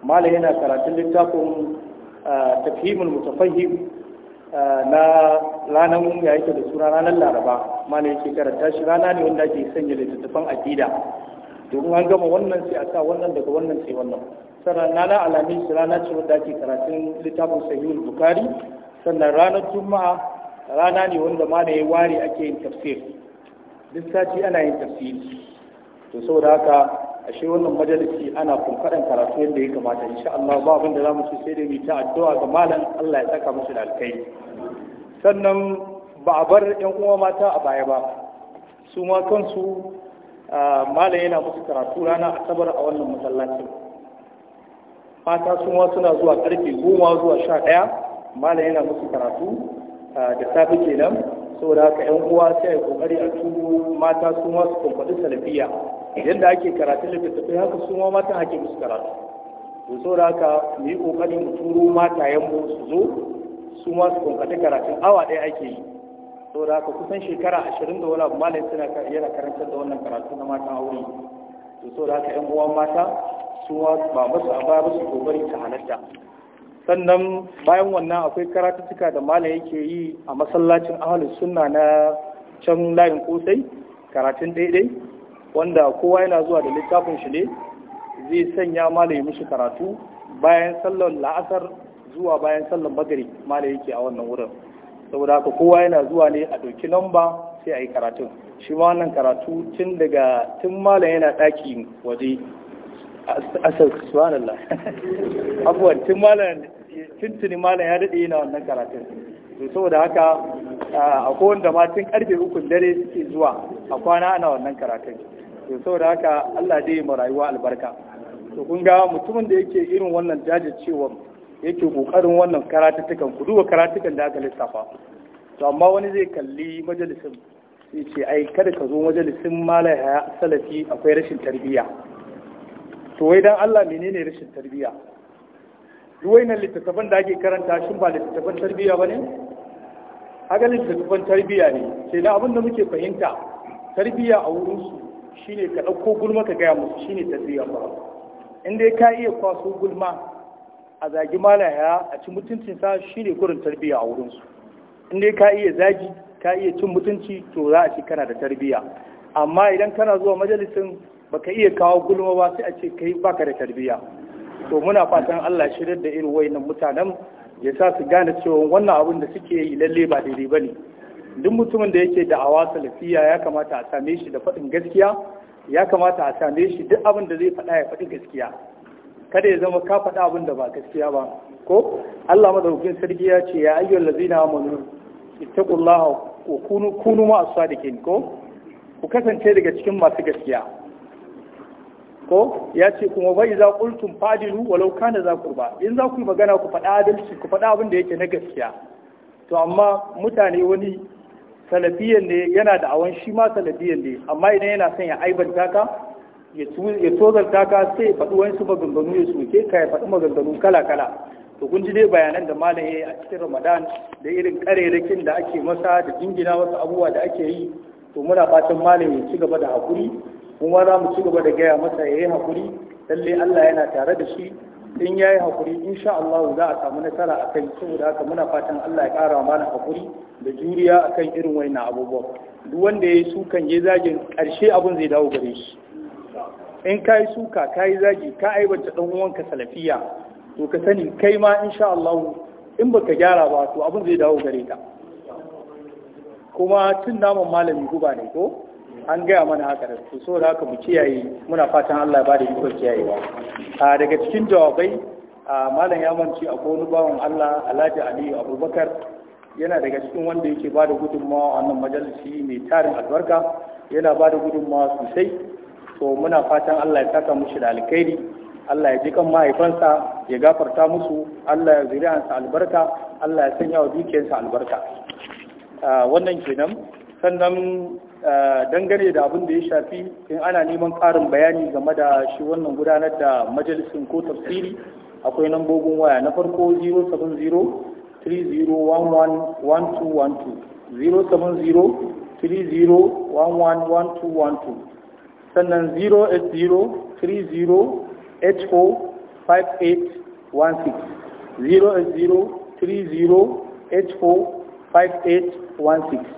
malam yana karatun littafin tafhimul mutafahim na ranar ya yake da suna ranar laraba malam yake karanta shi rana ne wanda ake sanya littattafan akida domin an gama wannan sai a sa wannan daga wannan sai wannan sannan rana alami shi rana ce wanda ake karatun littafin sahihul bukari sannan ranar juma'a rana ne wanda malam ya ware ake yin tafsir duk sati ana yin tafsiri to saboda haka ashe wannan majalisi ana kunkaran karatu yadda ya kamata insha Allah ba abin da za mu ci sai da mu ta addu'a ga malam Allah ya saka musu da alkai sannan ba a bar yan uwa mata a baya ba su ma kansu malam yana musu karatu rana asabar a wannan masallacin mata su ma suna zuwa karfe goma zuwa sha ɗaya malam yana musu karatu da safe kenan saboda haka yan uwa sai ai kokari a turo mata su ma su kumfaɗi salafiya da ake karatun littattafai haka su ma mata ake musu karatu to saboda haka mu yi kokari mu turo matayen mu su zo su ma su kumfaɗi karatun awa ɗaya ake yi saboda haka kusan shekara ashirin da wani abu malam suna yana karantar da wannan karatu na matan aure to saboda haka yan uwa mata su ma ba musu a baya ba su kokari ta halarta sannan bayan wannan akwai karatuttuka da malam yake yi a masallacin ahalus sunna na can layin kosai karatun daidai wanda kowa yana zuwa da littafin shi ne zai sanya malam ya mishi karatu bayan sallar la'asar zuwa bayan sallar magari malam yake a wannan wurin saboda haka kowa yana zuwa ne a ɗauki lamba sai a yi karatun shi ma wannan karatu tun daga tun malam yana ɗaki waje asar subhanallah *laughs* abubuwan tun malam tuntuni malam ya daɗe yana wannan karatun to saboda haka a kowanne da matin karfe ukun dare suke zuwa a kwana ana wannan karatun to saboda haka Allah dai ma rayuwa albarka to kun ga mutumin da yake irin wannan jajircewa yake kokarin wannan karatukan ku duba karatukan da aka lissafa to amma wani zai kalli majalisin sai ce ai kada ka zo majalisin malaya salafi akwai rashin tarbiyya to wai dan Allah menene rashin tarbiyya duwainan littattafan da ake karanta shi ba littattafan tarbiyya ba ne? haka littattafan tarbiyya ne sai da abinda muke fahimta tarbiyya a wurinsu shi ne ka ɗauko gulma ka gaya musu shi ne tarbiyya ba Inda ya ka iya kwaso gulma a zagi malaya a ci sa shi ne gurin tarbiyya a wurinsu Inda ya ka iya zagi ka iya cin mutunci to za a ce kana da tarbiyya amma idan kana zuwa majalisin baka iya kawo gulma ba sai a ce kai baka da tarbiyya to muna fatan Allah shirin da irin wayannan mutanen ya sa su gane cewa wannan abin da suke yi lalle ba daidai ba ne duk mutumin da yake awa salafiya ya kamata a same shi da faɗin gaskiya ya kamata a same shi duk abin da zai faɗa ya faɗi gaskiya kada ya zama ka faɗa abin da ba gaskiya ba ko Allah madaukakin sarki ya ce ya ayyuhal ladina amanu ittaqullaha wa kunu kunu ma as ko ku kasance daga cikin masu gaskiya ko ya ce kuma bai za qultum fadilu walau kana za ba in za ku magana ku faɗa adalci ku faɗa abin da yake na gaskiya to amma mutane wani salafiyan ne yana da awan shi ma salafiyan ne amma idan yana son ya aibanta ka ya tozarta ka sai faɗi wani su maganganu ya soke ka ya faɗi maganganu kala-kala to kun ji dai bayanan da malam a cikin ramadan da irin karerakin da ake masa da jingina wasu abubuwa da ake yi to muna fatan malam ya ci gaba da haƙuri kuma za mu ci gaba da gaya masa ya yi haƙuri lalle Allah yana tare da shi in ya yi haƙuri insha Allah za a samu nasara a kai saboda haka muna fatan Allah ya ƙara mana haƙuri da juriya a kan irin wannan abubuwa duk wanda ya yi sukan ya zagin ƙarshe abin zai dawo gare shi in ka yi suka ka yi zagi ka aibata ɗan uwanka salafiya to ka sani kai ma insha Allah in baka gyara ba to abin zai dawo gare ka kuma tun naman malami guba ne ko an gaya mana haka da su so da haka mu kiyaye muna fatan Allah ba da ikon kiyayewa a daga cikin jawabai a malam ya manci a wani bawan Allah Alhaji Aliyu Abubakar yana daga cikin wanda yake ba da gudunmawa a wannan majalisi mai tarin albarka yana ba da gudunmawa sosai to muna fatan Allah ya saka mushi da alkhairi Allah ya ji kan mahaifansa ya gafarta musu Allah ya zuri'ansa albarka Allah ya sanya wa dukiyarsa albarka wannan kenan sannan dangane da abin da ya shafi in ana neman ƙarin bayani game da shi wannan gudanar da majalisin ko tafsiri akwai lambobin waya na farko 070-3011-1212 070-3011-1212 sannan 080-30-HO-5816 080-30-HO-5816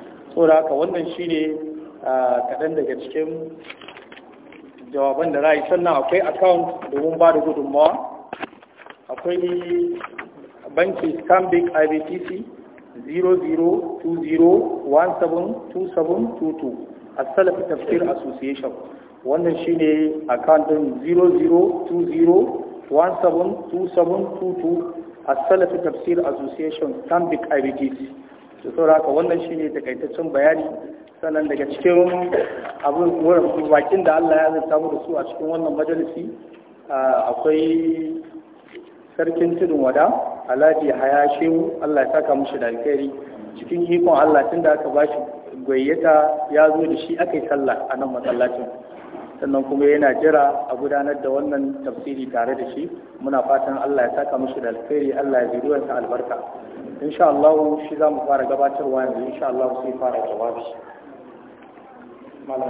saboda haka wannan shi shine kaɗan daga cikin jawaban da ra'ayi sannan akwai account domin ba da gudunmawa akwai banki stanbic ibtc 0020172722 a salafi tafsir association wannan ne account din 0020172722 a salafi tafsir association stanbic ibtc su sauraka wannan shi ne takaitaccen bayani sannan daga cikin abin bakin da Allah ya zata samu da su a cikin wannan majalisi akwai sarkin tudun wada alhaji haya shehu Allah ya saka mushi da alkhairi cikin ikon Allah tun da aka ba shi gwayyata ya zo da shi aka yi sallah a nan masallacin sannan kuma yana jira a gudanar da wannan tafsiri tare da shi muna fatan Allah ya saka mishi da alkhairi Allah ya zuriwarsa albarka insha Allah shi za mu fara gabatarwa yanzu insha Allah sai fara jawabi malam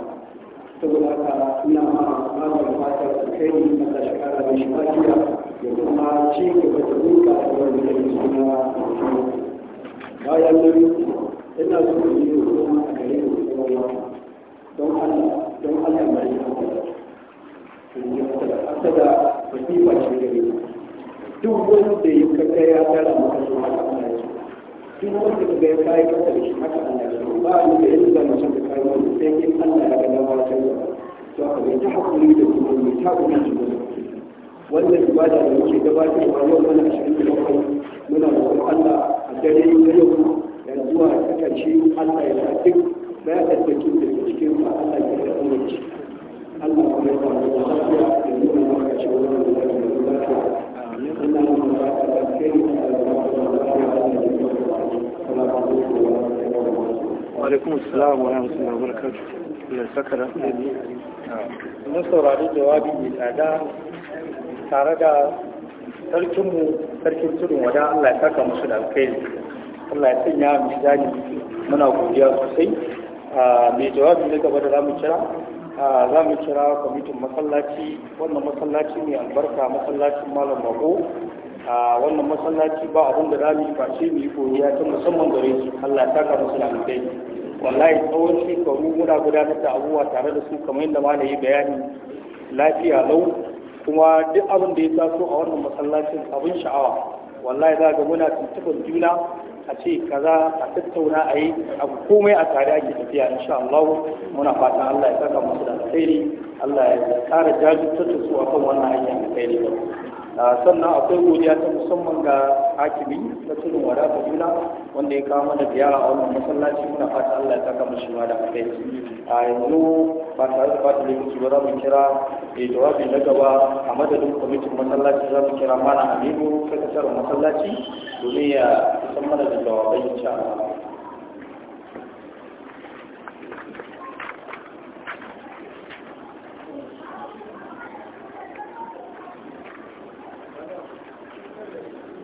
saboda haka ina ma ba da su kai na da shekara ya kuma ci gaba da duka a yau da yi suna bayan nan ina so in yi kuma a gare da kowa don Allah don Allah mai yi hasada hasada wasifa ce gare duk wanda ya kakkaya tara maka su haka duk wanda ka gaya kayan kasa da shi haka Allah ya so ba ni da yin da mutum da kayan wani sai in Allah ya ga dama ta gaba to haka mai ta hakuri da kuma mai ta kuma shi da wannan ibada da muke gabatarwa yau mana ashirin da bakwai muna roƙon Allah a dare da yau Yanzu zuwa ta ƙarshe Allah ya sa duk bayan da ke da cikin ba Allah ya ga dama Allah kuma ya ba mu lafiya da nuna maka cewa wannan da lafiya alaikum assalam wa rahmatullahi wa barakatuh ya saka da mun saurari jawabi mai tsada tare da sarkinmu sarkin tudun wada Allah ya saka musu da alkhairi Allah ya sanya mu jani muna godiya sosai a ah, mai jawabi ne gaba da zamu kira za mu kira kwamitin masallaci wannan masallaci ne albarka masallacin malam mako a wannan masallaci ba abin da za mu yi face mu yi koyiya ta musamman gare su Allah ta ka musu lamdai wallahi tsawon shekaru muna gudanar da abubuwa tare da su kamar yadda ma yi bayani lafiya lau kuma duk abin da ya taso a wannan masallacin abin sha'awa wallahi za ga muna tuntuɓar juna a ce kaza a tattauna a yi abu komai a tare ake tafiya insha Allah muna fatan Allah ya saka musu da alkhairi Allah ya kara jajirtattu su kan wannan hanyar alkhairi ba Ah, sannan akwai godiya ta musamman ga hakimi na cikin wada juna wanda ya kawo mana ziyara a wannan masallaci muna fata allah ya saka mashi ma da akai a ah, yanzu ba tare da fata lokaci ba mu kira mai eh, jawabi na gaba a madadin kwamitin masallaci za mu kira mana aminu sakataren masallaci domin ya kusan mana da jawabai insha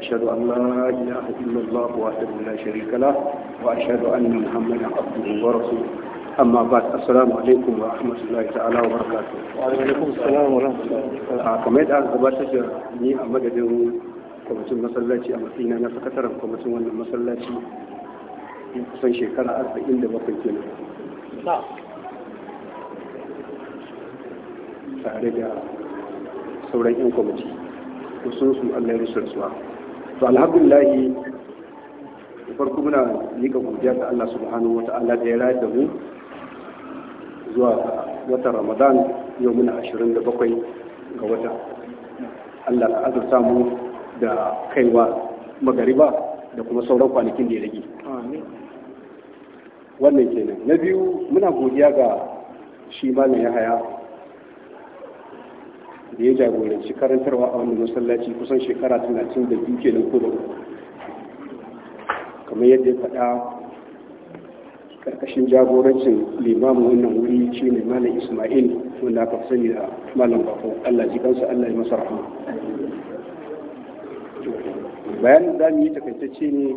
أشهد أن لا إله إلا الله وحده لا شريك له وأشهد أن محمدا عبده ورسوله أما بعد السلام عليكم ورحمة الله تعالى وبركاته وعليكم السلام ورحمة الله كما يدعى a madadin kwamitin masallaci a na sakataren kwamitin wannan masallaci kusan shekara arba'in da bakwai 'yan kwamiti wasu su allah to alhamdulillah farko muna nika godiya ga Allah subhanahu wa ta'ala da ya rayar da mu zuwa wata Ramadan yau muna 27 ga wata Allah ka azurta mu da kaiwa magariba da kuma sauran kwanakin da ya rage wannan kenan na biyu muna godiya ga shi malam haya. da ya jagoranci karantarwa a wani masallaci kusan shekara biyu kenan ko da kamar yadda ya faɗa karkashin jagorancin limamin wannan wuri shi ne malam ismail wanda aka sani da malam bako allah ji kansa allah ya masa rahama Bayan za mu yi takaitacce ne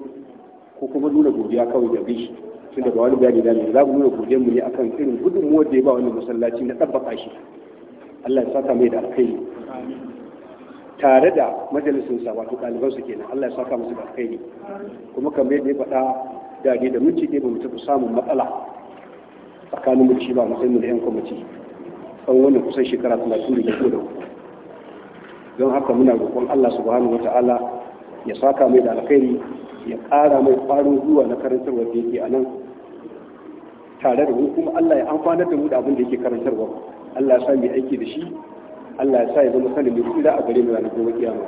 ko kuma nuna godiya kawai da bi tun ba wani bayani da mu za mu nuna godiyar mu ne akan irin gudunmuwar da ya ba wani masallaci na ɗabbaka shi Allah ya saka mai da alkhairi tare da majalisun sa wato ɗaliban su kenan Allah ya saka musu da alkhairi kuma kamar yadda ya faɗa da ne da minti ɗaya ba mu taɓa samun matsala tsakanin mun ci ba mu mu da yan kwamiti tsawon wannan kusan shekara talatin da ke da don haka muna roƙon Allah subhanahu wata'ala ya saka mai da alkhairi ya ƙara mai ƙwarin zuwa na karantarwa da yake a nan tare da mu kuma Allah ya amfanar da mu da abin da yake karantarwa Allah ya sa mu aiki da shi Allah ya sa ya zama sanin mai tsira a gare mu ranar gobe kiyama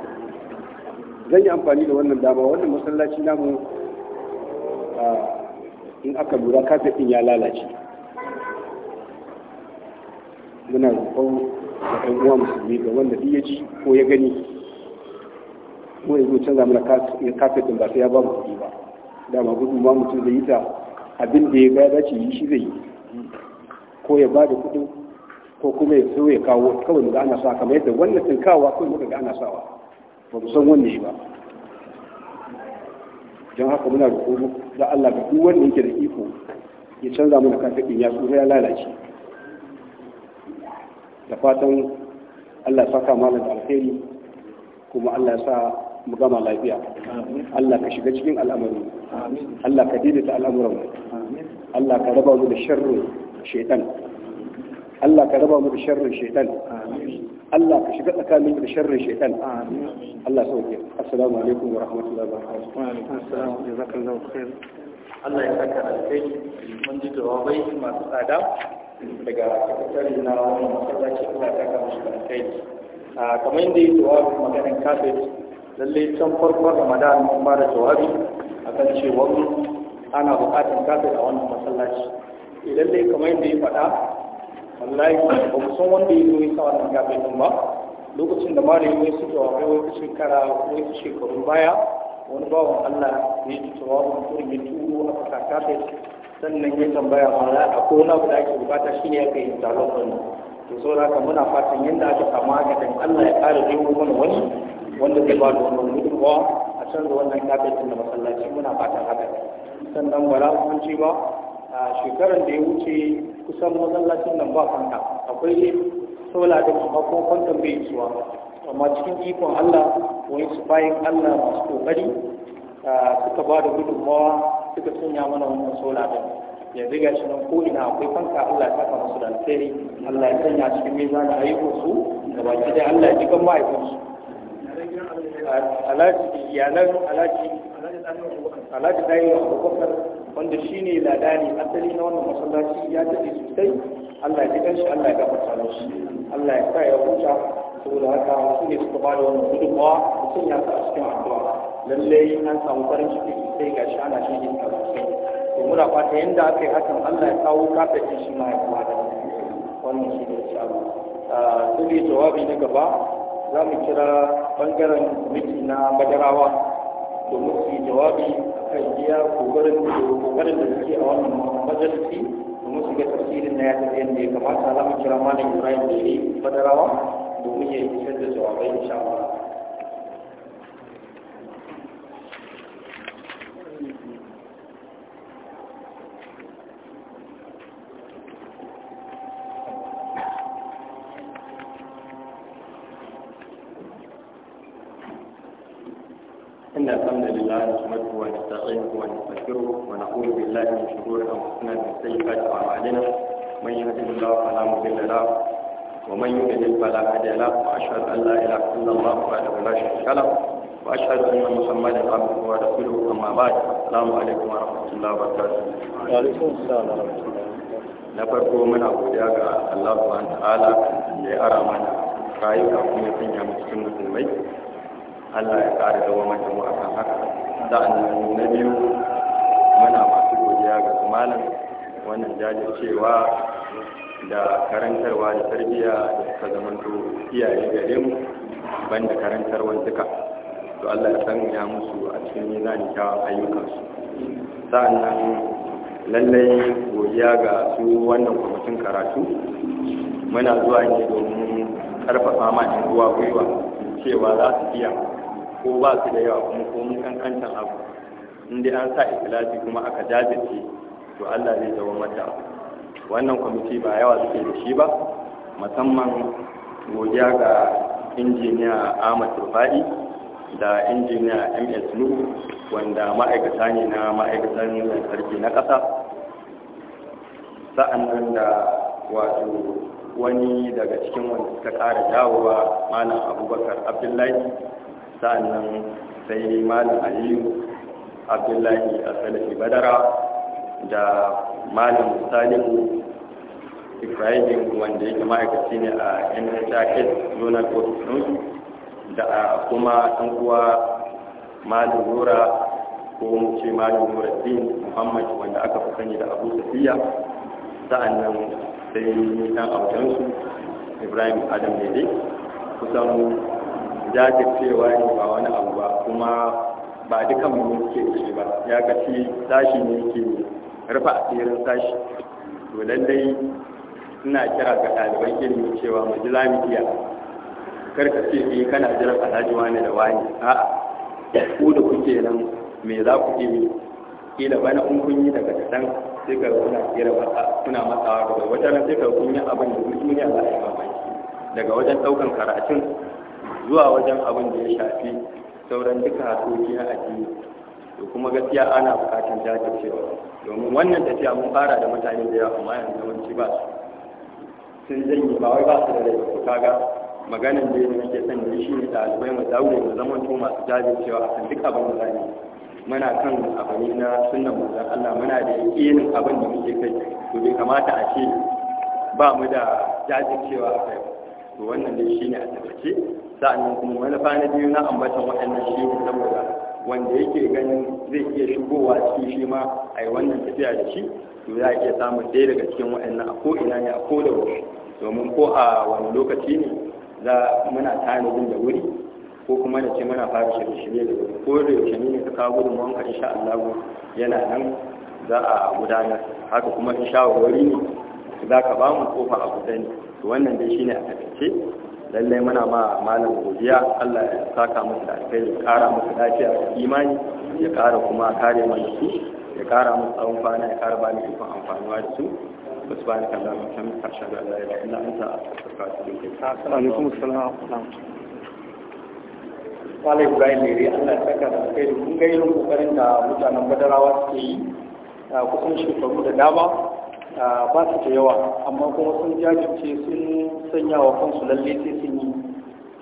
zan yi amfani da wannan dama wannan masallaci namu in aka lura kafin din ya lalace muna roƙon da ɗan uwa musulmi ga wanda duk ya ji ko ya gani ko ya zo canza mana kafin din ba sai ya ba mu kuɗi ba dama gudun ma mutum zai yi ta abin da ya ga ya dace yi shi zai yi ko ya ba da kuɗin ko kuma ya zo ya kawo kawai mu ga ana sa kamar yadda wannan tinkawa kawai muka ga ana sawa ba mu san wanne ba don haka muna da kuma da Allah ga duk wanda yake da iko ya canza mana kan takin ya tsoro ya lalace da fatan Allah ya saka malam da alheri kuma Allah ya sa mu gama lafiya Allah ka shiga cikin al'amari Allah ka daidaita al'amuran Allah ka raba mu da sharri shaitan Allah ka raba mu da sharrin shaitan Allah ka shiga tsakanin mu da sharrin shaitan Allah sauke assalamu alaikum wa rahmatullahi wa barakatuh wa alaikum assalam jazakallahu khair Allah ya saka alkhairi mun ji jawabai masu tsada daga sakatare na wannan masallaci Allah ya saka musu alkhairi kamar yadda ya jawabi maganin kafet. lalle can farkon Ramadan mun ba da jawabi akan cewa ana buƙatar kafet a wannan masallaci idan dai kamar yadda ya faɗa wallahi ba mu wanda ya zo ya sa wannan gafin ba lokacin da mara ya su jawabai wasu shekara wasu shekaru baya wani ba wani Allah ya yi jawabin turmi turu a fasakafe sannan ya tambaya mana a ko na abu da ake bukata shine ya kai taron wani to saboda haka muna fatan yadda aka kama ga dan Allah ya kara jawo mana wani wanda zai ba da wannan gudunmawa a canza wannan kafin da masallaci muna fatan haka sannan ba za ci ba a shekarar da ya wuce kusan masallacin nan ba kanta akwai sola da amma kuma kwanta bai isuwa amma cikin ikon Allah wani su bayan Allah masu kokari suka ba da gudunmawa suka sanya mana wannan sola da yanzu ga shi nan ko ina akwai kanta Allah ya kama su da alkhairi Allah ya sanya cikin a yi su da baki dai Allah ya ji kan ma'aikan su alaji iyalan alaji alaji yi wa abubakar wanda shine ladani asali na wannan masallaci ya tafi sosai Allah ya kiɗan shi Allah ya gafarta shi Allah ya sa ya huta saboda haka su ne suka da wannan gudunmawa mutum ya sa a cikin addu'a lallai an samu farin ciki sosai ga shi ana shirin ta sosai to muna fata yanda aka yi hakan Allah ya kawo kafin shi ma ya da wannan shi ne insha Allah sai jawabi na gaba za mu kira bangaren miki na badarawa domin su yi jawabi suka biya kokarin da suke a wannan majalisi domin su ga tafsirin na ya tafi yadda ya kamata za mu kira malam ibrahim da ya yi badarawa domin ya yi isar da jawabai insha Allah سيئات أعمالنا من يهده الله فلا مضل له ومن يضلل فلا هادي له وأشهد أن لا إله إلا الله وحده لا شريك له وأشهد أن محمدا عبده ورسوله أما بعد السلام عليكم ورحمة الله وبركاته وعليكم السلام ورحمة الله na farko muna godiya ga Allah subhanahu ta'ala da ya ara mana rayuka kuma sanya mu cikin musulmai Allah ya kare da wannan mu akan haka sa'an na biyu muna masu godiya ga malam wannan jajircewa da karantarwa da tarbiyya da suka to iyaye gare mu banda karantarwar duka to Allah ya sanya musu a cikin mizanin kyawun ayyukansu sa'annan lallai godiya ga su wannan kwamitin karatu muna zuwa ne domin karfafa ma ɗan uwa gwiwa cewa za su iya ko ba su da yawa kuma ko mun abu in an sa ikilasi kuma aka jajirce to Allah zai zama mata wannan kwamiti ba yawa suke da shi ba musamman godiya ga injiniya Ahmad Rufai da injiniya MS Lu wanda ma'aikata ne na ma'aikatan lantarki na ƙasa sa'annan da wato wani daga cikin wanda suka ƙara dawowa malam abubakar abdullahi sa'annan sai malam aliyu abdullahi a salafi badara da malam salimu ibrahim wanda yake ma'aikaci ne a nhs zonal office da kuma an kuwa malam nura ko mu ce malam nura din muhammad wanda aka fi sani da abu safiya sa'annan sai ɗan autansu ibrahim adam ne dai kusan jajircewa ne ba wani abu ba kuma ba dukan mu ke ce ba ya ga sashi tashi ne ke rufe asirin sashi to lallai suna kira ga ɗaliban ilimi cewa mu ji zamu iya karka ce eh kana jiran alhaji wani da wani a'a ku da kuke nan me za ku yi kila bana in kun yi daga kaɗan sai ka kuna kira ba kuna matsawa daga wata ran sai ka kun yi abin da duniya za a yi mamaki daga wajen ɗaukan karatun zuwa wajen abin da ya shafi sauran duka harkoki na addini to kuma gaskiya ana bukatan jajircewa domin wannan tafiya mun fara da mutane da yawa amma yanzu yawanci ba su sun yi ba wai ba su da rai ko kaga maganin da nake son yi shi ne ɗalibai mu daure mu zaman to masu jajircewa a kan duk abin da zamu muna kan abu ne na sunnan manzon Allah muna da yin abin da muke kai to bai kamata a ce ba mu da jajircewa a kai to wannan dai shine a tabbace sa'annan kuma fa na biyu na ambaton waɗannan shi ne saboda wanda yake ganin zai iya shigowa cikin shi ma a yi wannan tafiya da shi to za a iya samu ɗaya daga cikin waɗannan a ko ina ne a ko da wuri domin ko a wani lokaci ne za muna tanadin da wuri ko kuma da ce muna fara shirye-shirye da wuri ko da yaushe ne ka kawo gudunmuwan ka insha Allah yana nan za a gudanar haka kuma in wuri ne za ka ba mu kofa a gudanar? to wannan dai shine a takaice lallai muna ma malam godiya Allah ya saka musu da kai ya kara musu lafiya da imani ya kara kuma kare mana su ya kara musu tsawon kwana ya kara bani ikon amfanuwa da su kan allahumma wa bihamdika ashhadu da la ya illa anta astaghfiruka wa atubu ilayk assalamu alaikum assalamu alaikum Kwale Ibrahim Mere Allah ya saka da alkhairi mun ga yin kokarin da mutanen Badarawa suke yi kusan shekaru da dama ba su da yawa amma kuma sun jajirce sun sanya wa kansu lalle sai sun yi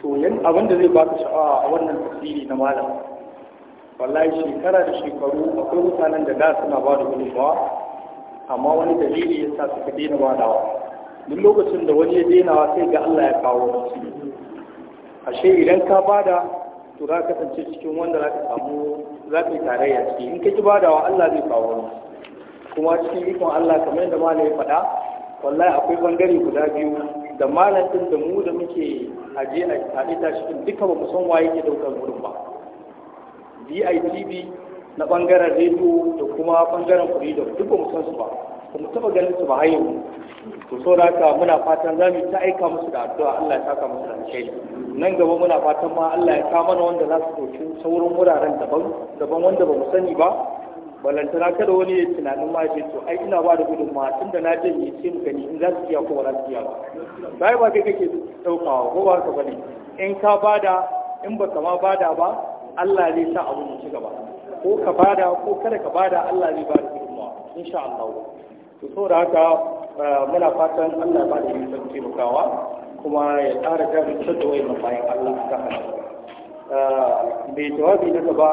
to yan abin da zai ba su sha'awa a wannan tafsiri na malam wallahi shekara da shekaru akwai mutanen da da suna ba da gudunmawa amma wani dalili ya sa suka daina da duk lokacin da wani ya daina wa sai ga Allah ya kawo shi ashe idan ka bada to za ka kasance cikin wanda za ka samu za ka yi tarayya ciki in ka ki badawa Allah zai kawo shi kuma cikin ikon Allah kamar yadda malam ya faɗa wallahi akwai bangare guda biyu da malam da mu da muke aje a tare cikin duka ba mu san waye ke daukar gurin ba DITV na bangaren rediyo da kuma bangaren da duk ba mu san su ba ba mu taba ganin su ba hayo to so da haka muna fatan za mu ta aika musu da addu'a Allah ya saka musu da alheri nan gaba muna fatan ma Allah ya ka mana wanda za su dauki sauran wuraren daban daban wanda ba mu sani ba balantana kada wani ya tunanin ma ce to ai ina ba da gudunmawa tun da na janye ce mu gani in za su iya ko ba za su iya ba bai ba kai kake ɗaukawa ko ba ka bane in ka bada in ba ka ma bada ba Allah zai sa abu mu ci gaba ko ka bada ko kada ka bada Allah zai ba da gudunmawa insha Allah to da haka eh, muna fatan Allah ba da yin sauki makawa kuma ya tsara jami'in da wayan bayan Allah ta eh, hana Bai jawabi na gaba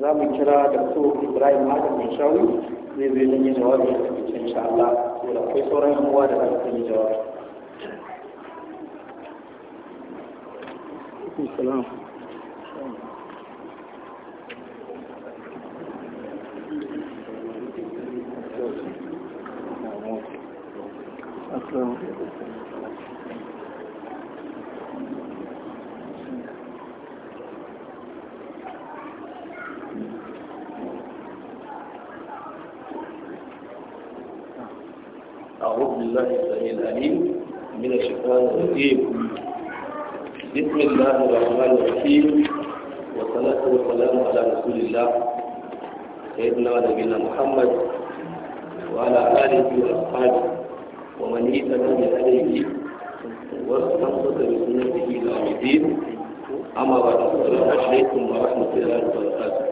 za mu kira da so ibrahim adam mai shawi zai zai zan yi jawabi a cikin insha Allah saboda akwai sauran yan uwa da za su yi jawabi السلام السميع من الشيطان الرجيم بسم الله الرحمن الرحيم والصلاة والسلام على رسول الله سيدنا ونبينا محمد وعلى آله وأصحابه ومن يتبع عليه واستنصت بسنته إلى يوم الدين أما بعد السلام عليكم ورحمة الله وبركاته.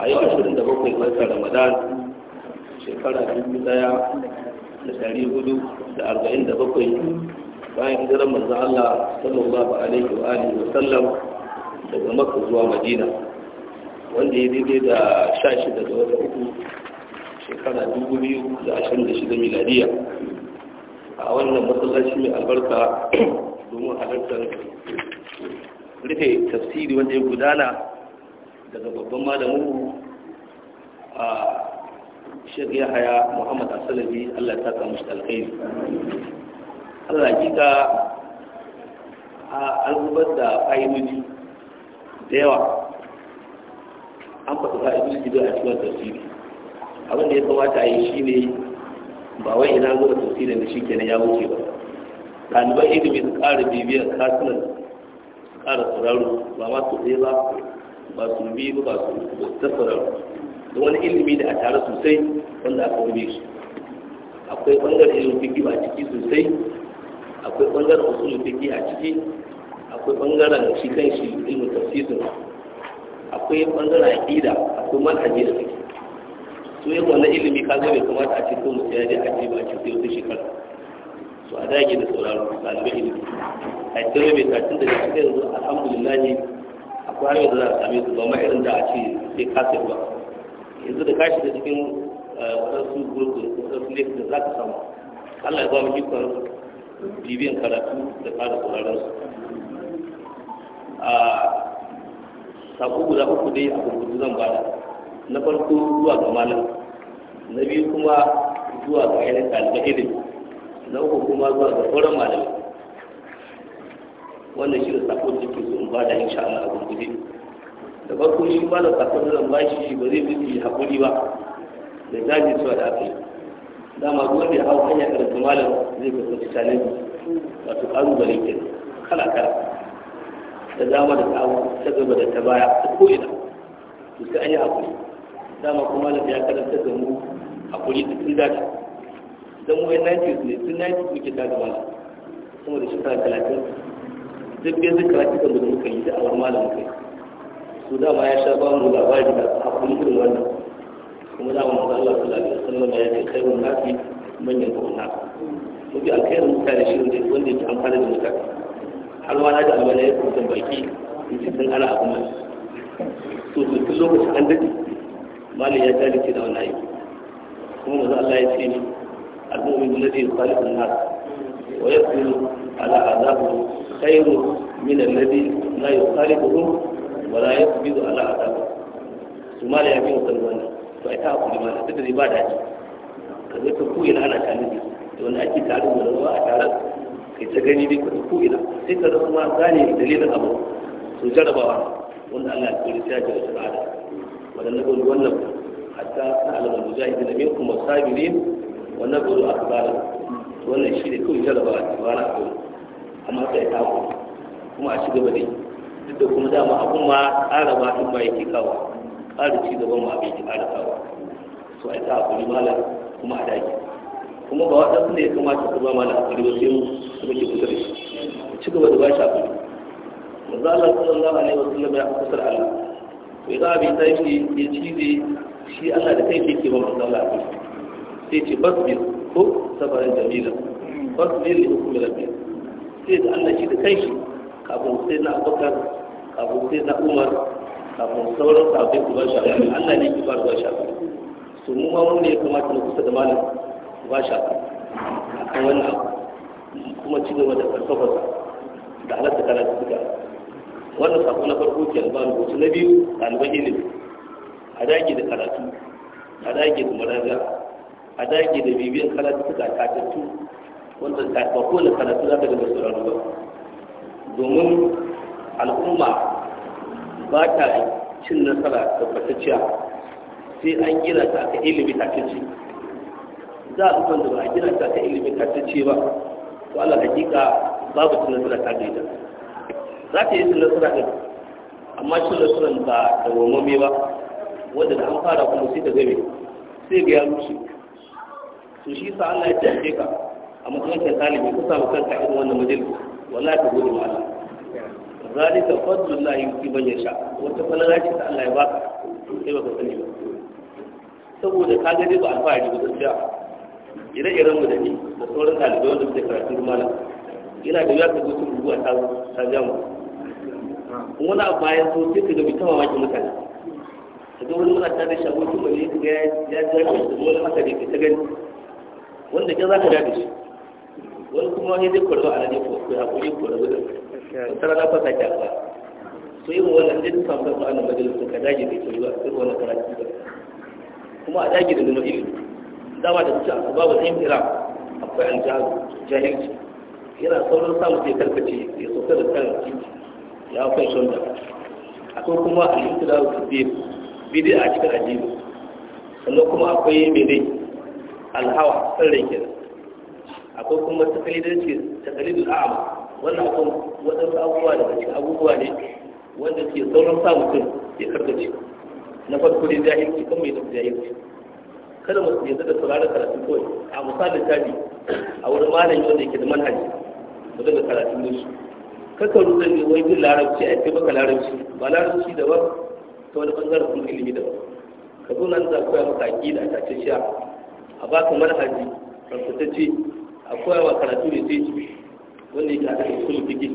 a yau 27 ga رمضان، shekara dubu daya da dari hudu da arba'in da bakwai bayan hijirar manzo Allah sallallahu alaihi wa alihi wa sallam daga Makka zuwa Madina wanda ya daidai da sha shi daga wata uku shekara dubu biyu da ashirin da shida miladiya a wannan masallaci mai albarka *clears throat* domin halartar rufe tafsiri wanda ya gudana daga babban malamin a shek ya haya muhammad asalabi allah ta kama shi alkhairi allah kika a algubar da fa'idoji da yawa an faɗi fa'idoji da a cikin tafsiri abin da ya kamata a yi shi ne ba wai ina zuwa tafsirin da shi kenan ya wuce ba ɗaliban ilimi su ƙara bibiyar kasuwar su ƙara sauraro ba ma su ɗaya ba ba su biyu ba su ta da wani ilimi da a tare sosai wanda aka wuri shi akwai ɓangaren ilimin fiki a ciki sosai akwai ɓangaren usulun fiki a ciki akwai ɓangaren shi kan shi ilimin tafsirin akwai ɓangaren aƙida akwai manhaji da fiki su yin wannan ilimi ka zai kamata a cikin musu ya je a ce ba a cikin wata shekara su a dage da sauraro ɗalibai ilimi a yi tare mai tattun daga cikin yanzu alhamdulillah akwai hanyar da za a same su ba ma irin da a ce sai kasa ba yanzu da kashi da cikin eh, wasu gurgu wasu lake da za ka samu allah ya ba mu ikon bibiyan karatu da fara sauraron su a ah, sako guda uku dai a gurgudu zan bada na farko zuwa ga malam na biyu kuma zuwa ga yanayin talibai ilimi na uku kuma zuwa ga sauran malam wannan shi da sako da ke zuwa bada insha Allah a gurgudu da farko shi ba da sakon zan ba shi ba zai zuci haƙuri ba da jaji suwa da aka yi dama duk da hau hanya karatu malam zai kasance challenge wato ne ke kala kala da dama da hau ta gaba da ta baya ta ko'ina to sai an yi haƙuri dama kuma malam ya karanta da mu haƙuri da tun dace don mu yan 90s ne tun 90s muke ta gaba sama da shekara talatin duk yanzu karatu da mu da muka yi da awar malam kai yi su dama ya sha ba mu labari da hakuri irin wannan kuma da mu Allah sallallahu alaihi wasallam ya ce kai mun nafi manyan gona mu bi alkhairin mutane shi ne wanda yake amfana da mutane har wani da alwala ya kusa baki yace sun ana abun nan to su tun lokacin an dade malai ya tare ce da wani ayi kuma maza Allah ya ce ni al-mu'min alladhi yukhalifu nas wa yaqulu ala azabu khairu min alladhi la yukhalifuhum wala ya ku bizu Allah a tafi su ma da ya fi mutum wani to ai ta hakuri ma da ba da zai ba daji ka zai ka ko'ina ana tare da da wanda ake tare da wanda a tare kai ta gani dai ka ta ko'ina sai ka zama ma gane dalilin abu to jarabawa wanda Allah ya kori ta jira ta'ala wannan ga wannan hatta na mujahidin kuma sabiri wannan gudu akbara wannan shi ne kawai jarabawa a bara a amma sai ta kuma a ci gaba dai duk da kuma dama abun ma ƙara ba in ba yake kawo ƙara ci gaban ma abin ƙara kawo so a ta hakuri mala kuma a daki kuma ba waɗansu ne ya kamata su ba mala hakuri ba sai su ke kusa da shi ci gaba da ba shi hakuri manzo Allah sallallahu alaihi wasallam ya kusar Allah to idan abin ta yi ya ne shi Allah da kai yake ba manzo Allah sai ce basbir ko sabarin jamila basbir li hukmi rabbik sai da Allah shi da kai shi kafin sai na abubakar kafin sai na umar kafin sauran sabbin ku ba shi allah ne ki ba shi su mu ma mu ne ya kamata mu kusa da malam ku ba A kan akan wannan kuma ci gaba da falsafarsa da halatta karatu suka wannan sako na farko ke albanu wasu na biyu ɗaliban ilimi a dage da karatu a dage da maraga a dage da bibiyar karatu suka tatattu wanda ba kowane karatu za ta da masu ba. domin al'umma ba ta cin nasara tabbatacciya sai an gina ta aka ilimi ce, za a zuwan da ba a gina ta aka ilimi ce ba to Allah hakika babu cin nasara ta gaida za ta yi cin nasara ɗin amma cin nasara ba da wamame ba wanda da an fara kuma sai ta gami sai ga ya rushe to shi sa Allah ya tafi ka a matsayin kan talibi ka samu kanka irin wannan majalisa wallahi ka gode wa Allah zalika fadlullahi yuti man yasha wata falala ce ta Allah ya baka sani ba saboda ka ga dai ba alfahari ba gaskiya ire-iren mu da ni da sauran ɗalibai wanda suke karatu malam ina da ya zo cin rubuwa ta ta jamu wani abu bayan so sai ka ga bitawa mutane ka ga wani muna tare shago kuma ne ya ga ya ja wani haka ta gani wanda ke za ka da shi wani kuma ne zai kwarzo a nan ko ya kuri kwarzo da tara na fasa ki ba to yi wannan duk san ba an majalis ka dage da ke ba sai wani karatu ba kuma a dage da nuna ilimi dama da ta babu sai kira akwai an jahilci yana sauran samun sai karkace ya sauka da kan ya kai shonda akwai kuma al-ibtida wa tadbir a cikin addini sannan kuma akwai mene alhawa san rai kenan akwai kuma takalidarci takalidul a'am wannan akwai waɗansu abubuwa daga cikin abubuwa ne wanda ke sauran sa mutum ya karkace na farko dai jahilci kan mai da jahilci kada mu ya da sauraron karatu kawai a misali tabi a wurin yau wanda yake da manhaji mu daga karatun ne shi kakka rudan ne wai bin larabci a ce maka larabci ba larabci ba ta wani bangaren kuma ilimi ba ka zo nan za ku yi maka aƙida a tace shi a baka manhaji rafutacce akwai wa karatu da sai wanda ya kada usul fiqh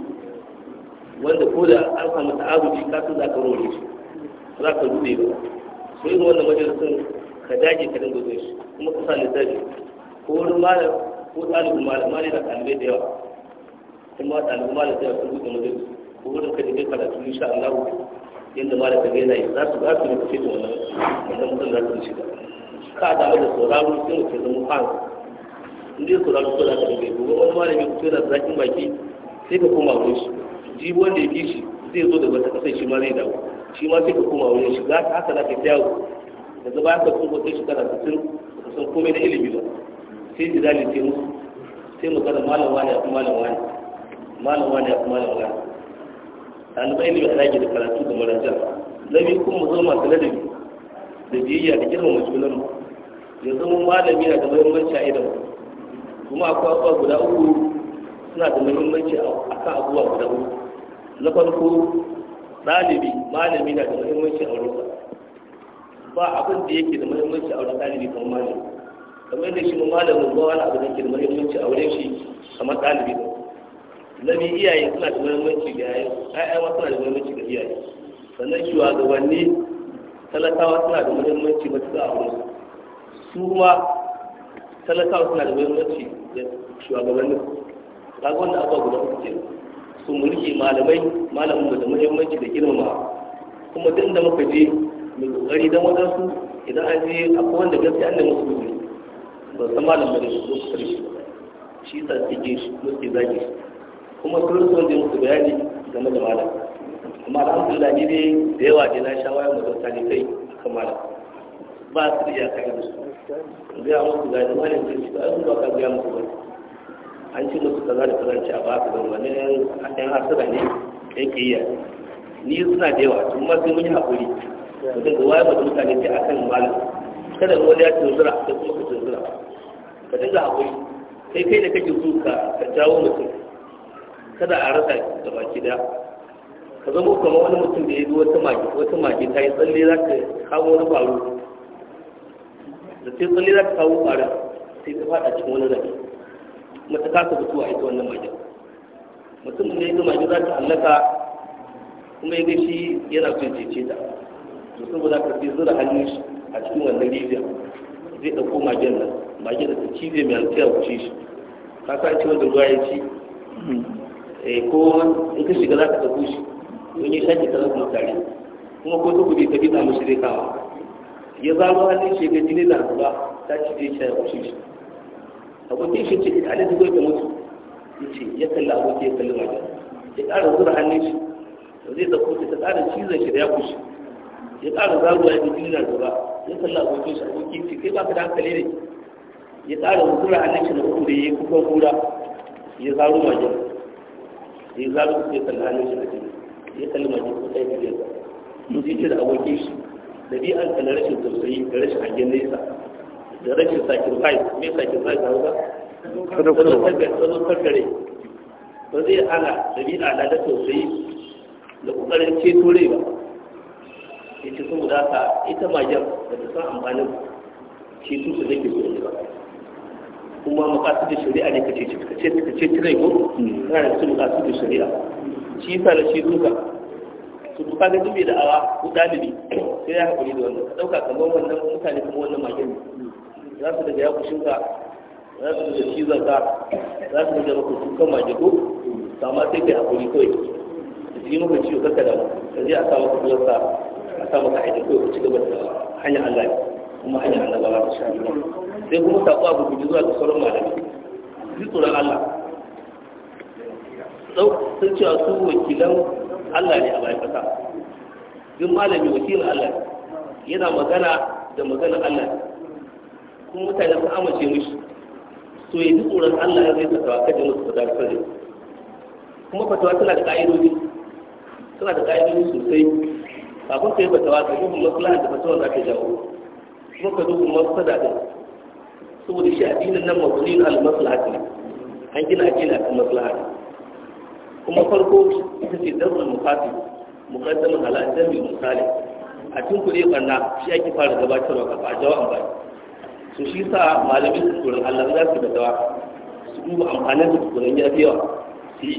wanda ko da an samu ta'abuji ka san zaka shi za ka rude ba yi wanda wannan sun ka dage ka dinga zai shi kuma ka sa lissafi ko wani malam ko ɗalibin malam malam yana ɗalibai da yawa kuma ɗalibin malam da yawa sun buɗe su, ko wani ka dinga karatu sha Allah yadda mara ka gaina yi za su za su rubuce da wannan wannan mutum za su rubuce da ka da da sauraro sai mutum zama fara ndi ko ku ko ku za ka dinga yi gobe wani malami ku da zakin baki sai ka koma wurin shi ji wanda ya shi zai zo da wata kasa shi ma zai dawo shi ma sai ka koma wurin shi za ka haka zaka ka dawo yanzu ba ka ko sai shi kana sassin ka san komai da ilimi ba sai ji zali sai musu sai mu kada malam wani kuma malam wani malam wani kuma malam wani ɗalibai ilimi a rage da karatu da maraja zabi kuma mu zo masu ladabi da biyayya da girmama junanmu ya zama malami na da muhimmanci a idan kuma akwai abubuwa guda uku suna da muhimmanci a kan abubuwa guda uku na farko ɗalibi malami na da muhimmanci a wurinsa ba abin da yake da muhimmanci a wurin ɗalibi kan malami kamar yadda shi malamin ba wani abu da yake da muhimmanci a wurin shi kamar ɗalibi ba nabi iyaye suna da muhimmanci ga yayin ƴaƴa suna da muhimmanci ga iyaye sannan shugabanni talakawa suna da muhimmanci matuƙa a wurin su ma talakawa suna da muhimmanci da shugabannin kaga wannan abuwa guda uku ke su mu rike malamai malamin da muhimmanci da girmama kuma duk da muka je mai kokari dan wajen su, idan an je akwai wanda gaskiya an da musu gudu ba san malamin da su su kare shi sa suke muke zage shi kuma sun so ne musu bayani game da malam kuma alhamdulillah ni dai da yawa dai na sha waya mu da kai, akan malam ba su da iyaka da su gaya muku ga da wani ce ba su ba ka gaya muku ba an ci musu kaza da kaza a ba ka ban wani ɗan hasira ne ɗan yi. ni suna da yawa tun ma sai mun yi haƙuri mutum ga wayar da mutane a kan malam kada wani ya tunzura da kuma ka tunzura ka dinga haƙuri kai kai da kake so ka jawo mutum kada a rasa da baki da ka zama kamar wani mutum da ya yi wata mage wata mage ta yi tsalle za ka kawo wani faru da sai tsalle za ta kawo ƙara sai ta faɗa cikin wani zafi mata fito mutuwa ita wannan magen mutum ne ya magen za ta hallaka kuma ya gashi yana son cece ta ba za ka fi zura hannun shi a cikin wannan rijiya zai ɗauko magen nan magen da ta cize mai halittar wuce shi ka sa ci wanda ruwa ya ci eh, ko in ka shiga za ka ɗauko shi in ya shaƙi ta zama tare kuma ko ta kuɗi ta bi ta mashi zai kawo ya zaro hannun shi ga jini na ruwa ta ci da shi ya kushe shi abokin shi ce ita hali zai ta mutu ya ce ya kalla abokin ya kalli wajen ya ƙara zura hannun shi da zai zafi ta ƙara cizon shi da ya kushe ya ƙara zaro ya ga jini na ruwa ya kalla abokin shi abokin shi kai ba ka da hankali ne ya ƙara zura hannun shi na uku da ya yi kuka kura ya zaro magen ya zaro ya kalli hannun shi da jini ya kalli magen ko ya biyar mun ji da abokin shi ɗabi'ar ka na rashin tausayi da rashin hangen nesa da rashin sacrifice me sacrifice hausa sadaukar kare ba zai ana ɗabi'a na da tausayi da ƙoƙarin ceto rai ba Ya ce yace saboda haka ita magen da ta san amfanin ceto su nake so ba kuma makasu da shari'a ne ka ce ka ce ka rai ko hmm. kana da su makasu da shari'a shi yasa na ceto ka su duka ga dubi da awa ko dalibi sai ya haƙuri da wannan ka ɗauka kamar wannan mutane kuma wannan magen za su daga ya kushin za su daga cizon ka za su daga maka kukan magen ko to amma sai kai haƙuri kawai da su yi maka ciwo kanka da ka je a sa maka kulansa a sa maka aiki kawai ku ci gaba da hanyar Allah kuma hanyar Allah ba za ta sha sai kuma saƙo abu guji zuwa ga sauran malami. ji tsoron Allah sun cewa su wakilan Allah ne a bai fata duk malami wakilin Allah yana magana da magana Allah kuma mutane sun amince mishi to yi duk tsoron Allah ya zai fatawa da musu fata da kuma fatawa tana da ƙa'idoji tana da ƙa'idoji sosai kafin ka yi fatawa ka duba maslaha da fatawa za ta jawo kuma ka duba mafsada din saboda shi addinin nan mabulin al-maslahat ne an gina addini na maslaha ne kuma farko ita ce darul mukafi muqaddamu ala mai misali a cikin kudi barna shi ake fara gabatarwa kafa a jawa amfani su shi sa malamin su Allah za su da su duba amfanin su tsoron ya fi yawa su yi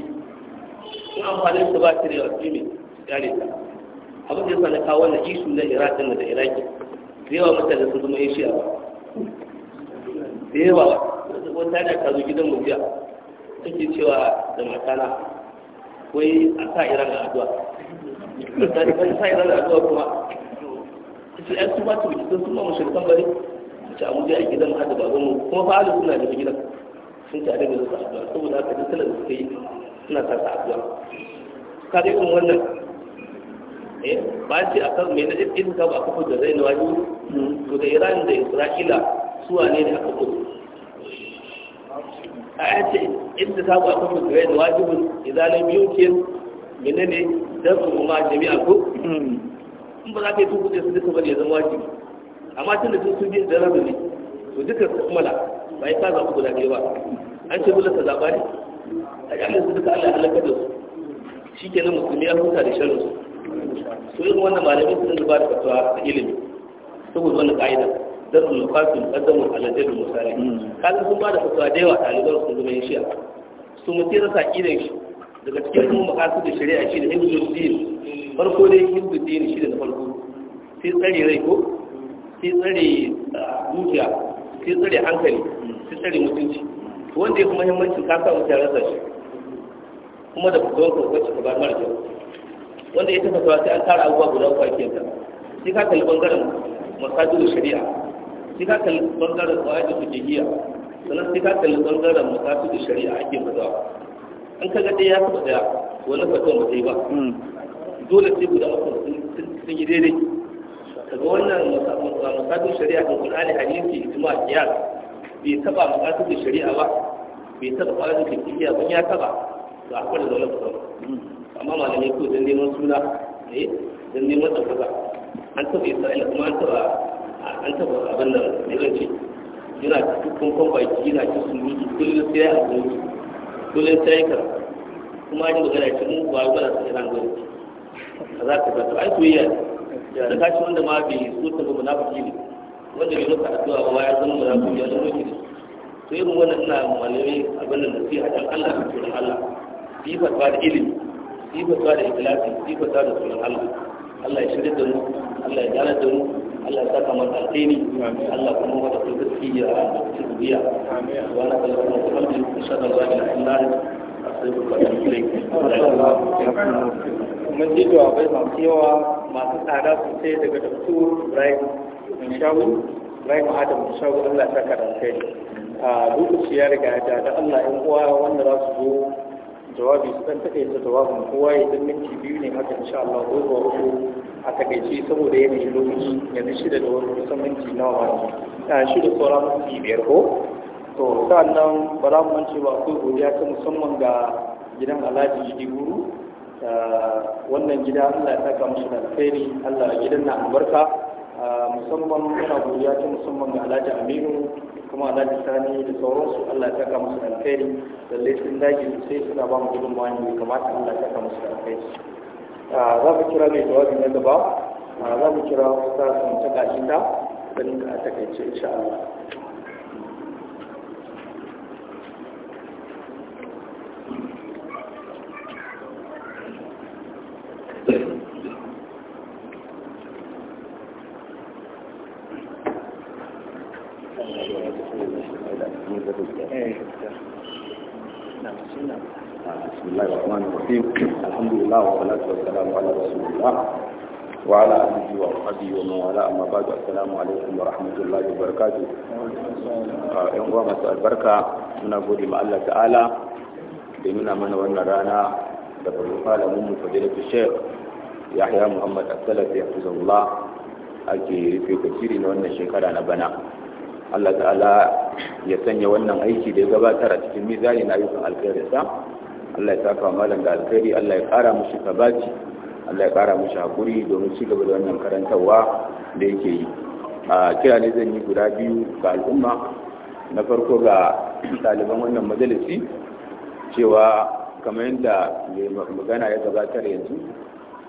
in amfanin ba da yawa su yi mai kare ta abu da ya sana kawo na isu na iraki da iraki da yawa mutane sun zama asia ba da yawa wata da ka zo gidan mu biya take cewa da matana wai a sa da addu'a da sa iran da addu'a kuma su yan su ba su bikin su ma mushrikan bari su ci abuja a gidan hada babanmu kuma fa alu suna da gidan sun ci adadin da su addu'a saboda haka duk sanar da suka yi suna sa ta addu'a ka dai kun wannan eh ba a kan me na irin ka ba kafa da na wani to da iran da isra'ila suwa ne da aka kudu a yace inda ku akwai mutuwai da wajibin izalin don su kuma ma jami'a ko in ba za ka yi da su duka ba ne zan wajibi amma tun da sun su biyu da rabu to duka su kumala ba ya kaza ku da ɗaya ba an ce dole ta zaɓa ne a jami'in su duka allah halaka da su shi ke nan musulmi ya huta da shanu su yi wannan malamin su da ba da fatawa a ilimi saboda wannan ƙa'idar lokacin lukatin kaddamun aladin misali hmm. kaga sun ba da fatuwa da yawa ɗaliban su zuwa yin shi'a su mutu rasa ƙinan shi daga cikin kuma makasu da shari'a shi da din farko dai din shi da na farko sai tsare rai ko sai tsare dukiya ah, sai tsare hankali sai tsare mutunci wanda ya fi muhimmanci ka sa mutu rasa shi kuma da fatuwar kwakwaci ka ba mara kyau wanda ya tafasa sai an tara abubuwa guda kwakiyar ta sai ka kalli bangaren masajidu shari'a sai ka bangaren bangaren ƙwayar fikihiyya sannan sai ka kalli bangaren mutafi da shari'a ake maza, an ka dai ya saba ɗaya wani fatuwa ba ta yi ba mm. dole sai guda uku sun yi daidai daga wannan mutafi shari'a da ƙulani hadisi ijma kiyas bai taɓa mutafi da shari'a ba bai taɓa ƙwayar fikihiyya ba ya taɓa ba akwai da wani fatuwa mm. amma malamai ko dan neman suna eh dan neman ɗaukaka an taɓa isra'ila kuma an taɓa an taba abin da ne zan ce yana cikin kwamfaki yana cikin miki kullum sai ya abinci kullum sai ya kuma ji magana ce mu ba ba sun yana gwani a za ka zato an soyayya ne da kashi wanda ma bai so ta ba munafiki ne wanda bai maka addu'a ba ya zama munafiki ya zama kiri to irin wannan ina malamai abin da a dan Allah da tsoron Allah sifar ba da ilimi sifar ba da ikhlasi sifar ba da tsoron Allah Allah ya shirya da mu Allah ya gane da mu Allah ta saka mata alheri Allah kuma wata tsirki a tsirbiya wa na kallon kuma inshallah za ki Allah mun ji jawabai masu yawa masu tsada ce daga dr ibrahim minshawu ibrahim adam minshawu allah ta karanta a lokaci ya riga da allah yan uwa wanda za su zo jawabi su dan take ta jawabin kowa ya dan minti biyu ne haka insha Allah ko ba uku a takaice saboda yanayin lokaci yanzu shida da wani kusan minti nawa ne a ah, shida tsora minti biyar ko to sannan ba za mu mance ba akwai godiya ta musamman ga gidan Alhaji Diguru ah, wannan gida Allah ya saka musu da alkhairi Allah gidan na albarka ah, musamman yana godiya ta musamman ga Alhaji Aminu kuma alhaji sani da sauransu allah ya saka musu alkhairi lalle sun dage sai suna ba mu gudunmawa mai kamata allah ya saka musu alkhairi za mu kira mai jawabi na gaba za mu kira wata sun ta gashi ta a takaice insha allah assalamu alaikum wa rahmatullahi wa barakatuh ah, yan uwa masu albarka muna gode ma Allah ta'ala da nuna mana wannan rana da babu malamin mu fadilatu sheikh yahya muhammad as-salafi hafizahullah ake rufe tafsiri na wannan shekara na bana Allah ta'ala ya sanya wannan aiki da ya gabatar a cikin na ayyukan alkhairinsa Allah ya saka malam da alkhairi Allah ya kara mushi kabaci Allah ya kara mushi hakuri domin ci gaba da wannan karantarwa da yake yi a kira ne zan yi guda biyu ga al'umma na farko ga ɗaliban wannan majalisi cewa kamar yadda magana ya gabatar yanzu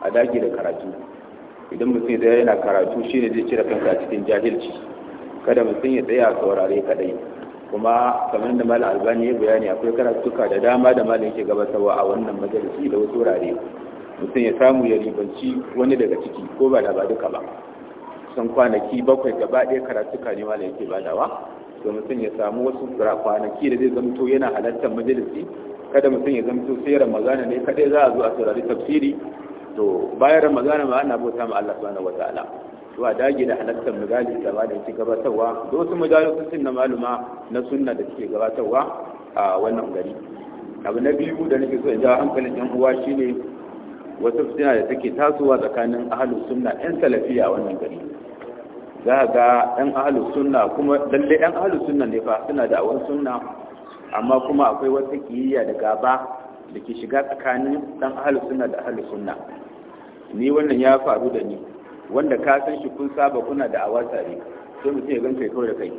a dage da karatu idan mutum da yana karatu shi ne zai cire kansa cikin jahilci kada mutum ya tsaya saurare kaɗai, kuma kamar da malam albani ya bayani akwai karatuka da dama da malam yake gabatarwa a wannan majalisi da wasu wurare mutum ya samu ya ribanci wani daga ciki ko ba da ba duka ba kusan kwanaki bakwai gaba ɗaya karatuka ne da yake badawa to mutum ya samu wasu kwanaki da zai zamto yana halartar majalisi kada mutum ya zamto sai ramazana ne kadai za a zo a saurari tafsiri to bayan ramazana ma ana bauta ma Allah subhanahu wataala to a dage da halartar majalis da malam yake gabatarwa da wasu majalisun na maluma na sunna da suke gabatarwa a wannan gari abu na biyu da nake so in jawo hankalin yan uwa shine wata suna da take tasowa tsakanin ahalus sunna yan salafiya wannan gari za ga ɗan ahalus sunna kuma lalle ɗan ahalus sunna ne fa suna da awon sunna amma kuma akwai wata kiyayya da gaba da ke shiga tsakanin ɗan ahalus sunna da ahalus sunna ni wannan ya faru da ni wanda ka san shi kun saba kuna da awa tare sai mutum ya gan kai kawai da kai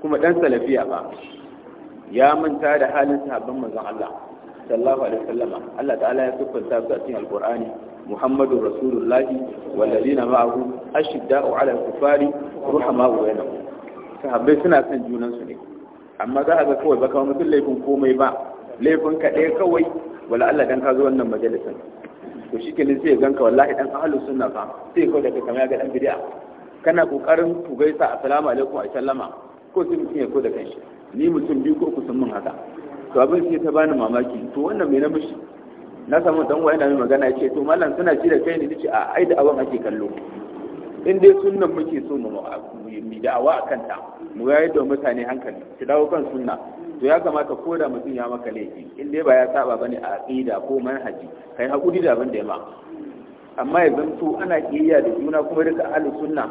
kuma ɗan salafiya ba ya manta da halin sahabban manzon Allah sallallahu alaihi wasallam Allah ta'ala ya siffanta su a cikin alqur'ani محمد رسول الله والذين معه أشداء على الكفار رحماء بينهم sahabbai suna son junansu ne amma za a ga kawai baka wani mutum laifin komai ba laifin ka ɗaya kawai wala Allah dan ka zo wannan majalisar. to shi kenan sai ya ganka wallahi dan ahlus sunna fa sai kawai daga kamar ga dan bid'a kana kokarin ku gaisa assalamu alaikum a sallama ko sun mutum ko da kanshi ni mutum biyu ko uku sun mun haka to abin sai ta bani mamaki to wannan me na mishi na samu dan uwa yana magana ya ce to mallam suna ci da kai ne dace a ai da abin ake kallo in dai sunnan muke so mu mu da'awa a kanta mu yayar da mutane hankali su dawo kan sunna to ya kamata ko da mutum ya maka laifi in dai ba ya saba bane a aqida ko manhaji kai hakuri da abin da ya ma amma ya zanto ana kiyaya da juna kuma duka ahlus sunna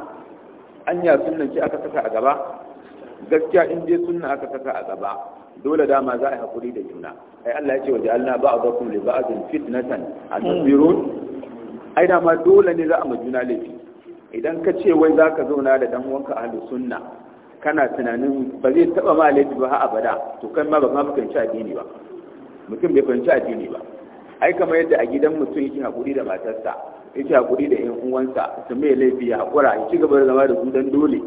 anya sunnan ce aka saka a gaba gaskiya in dai sunna aka saka a gaba dole dama za a hakuri da juna ai Allah ya ce waje Allah ba'dakum li ba'din fitnatan atasbirun ai dama dole ne za a ma juna laifi idan ka ce wai za ka zauna da dan wanka ahli sunna kana tunanin ba zai taba ma laifi ba har abada to kai ma ba ka fahimci addini ba mutum bai fahimci addini ba ai kamar yadda a gidan mutum yake hakuri da matarsa yake hakuri da yan uwansa su mai laifi ya hakura ya ci gaba da zama da su dan dole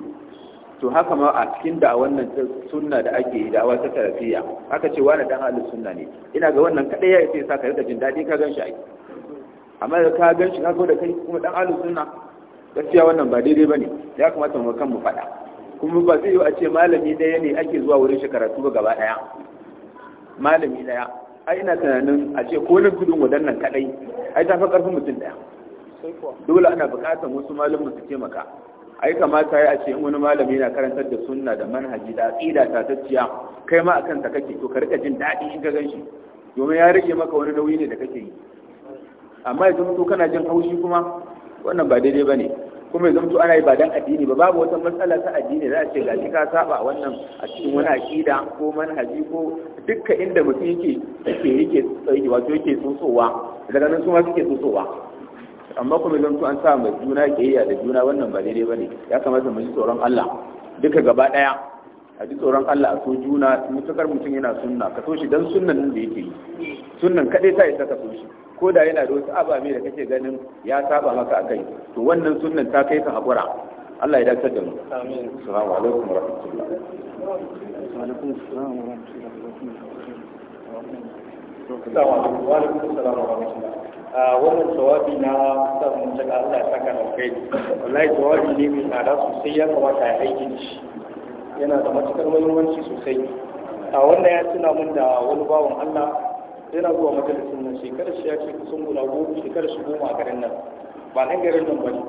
to haka ma a cikin da wannan sunna da ake yi da dawa ta tarafiya aka ce wani dan halin sunna ne ina ga wannan kadai ya ce sa ka rika jin daɗi ka gan shi ake amma da ka gan shi ka da kai kuma dan halin sunna gaskiya wannan ba daidai bane ya kamata mu kan mu faɗa kuma ba zai yi a ce malami ɗaya ne ake zuwa wurin shi karatu ba gaba ɗaya malami ɗaya ai ina tunanin a ce ko nan gudun wadannan kadai ai ta fa karfin mutum ɗaya dole ana bukatar wasu malamin su taimaka ai kamata ya ce wani malami yana karantar da sunna da manhaji da aqida ta tacciya kai ma akan ta kake to ka rika jin dadi in ka ganshi domin ya rike maka wani nauyi ne da kake yi amma ya mutu kana jin haushi kuma wannan ba daidai bane kuma ya mutu ana yi ba dan addini ba babu wata matsala ta addini za a ce gashi ka saba wannan a cikin wani aqida ko manhaji ko dukkan inda mutum yake yake yake wato yake tsotsowa daga nan su ma suke tsotsowa amma kuma zan an sa mai juna kiyayya da juna wannan ba daidai ba ne ya kamata mu ji tsoron Allah duka gaba daya a ji tsoron Allah a so juna mutakar mutum yana sunna ka so shi dan sunnan da yake yi sunnan kadai ta ka so shi ko da yana da wasu ababe da kake ganin ya saba maka akai to wannan sunnan ta kai ka hakura Allah ya dace da mu amin assalamu alaikum warahmatullahi wa alaikum wa wa alaikum a wannan jawabi na samun cika Allah ya saka nan kai wallahi jawabi ne mai tsada sosai ya kamata ya aiki da shi yana da matukar muhimmanci sosai a wannan ya tuna mun da wani bawan Allah yana zuwa majalisin nan shekarar shi ya ce kusan guda goma shekarar shi goma a garin nan ba nan garin nan ba ne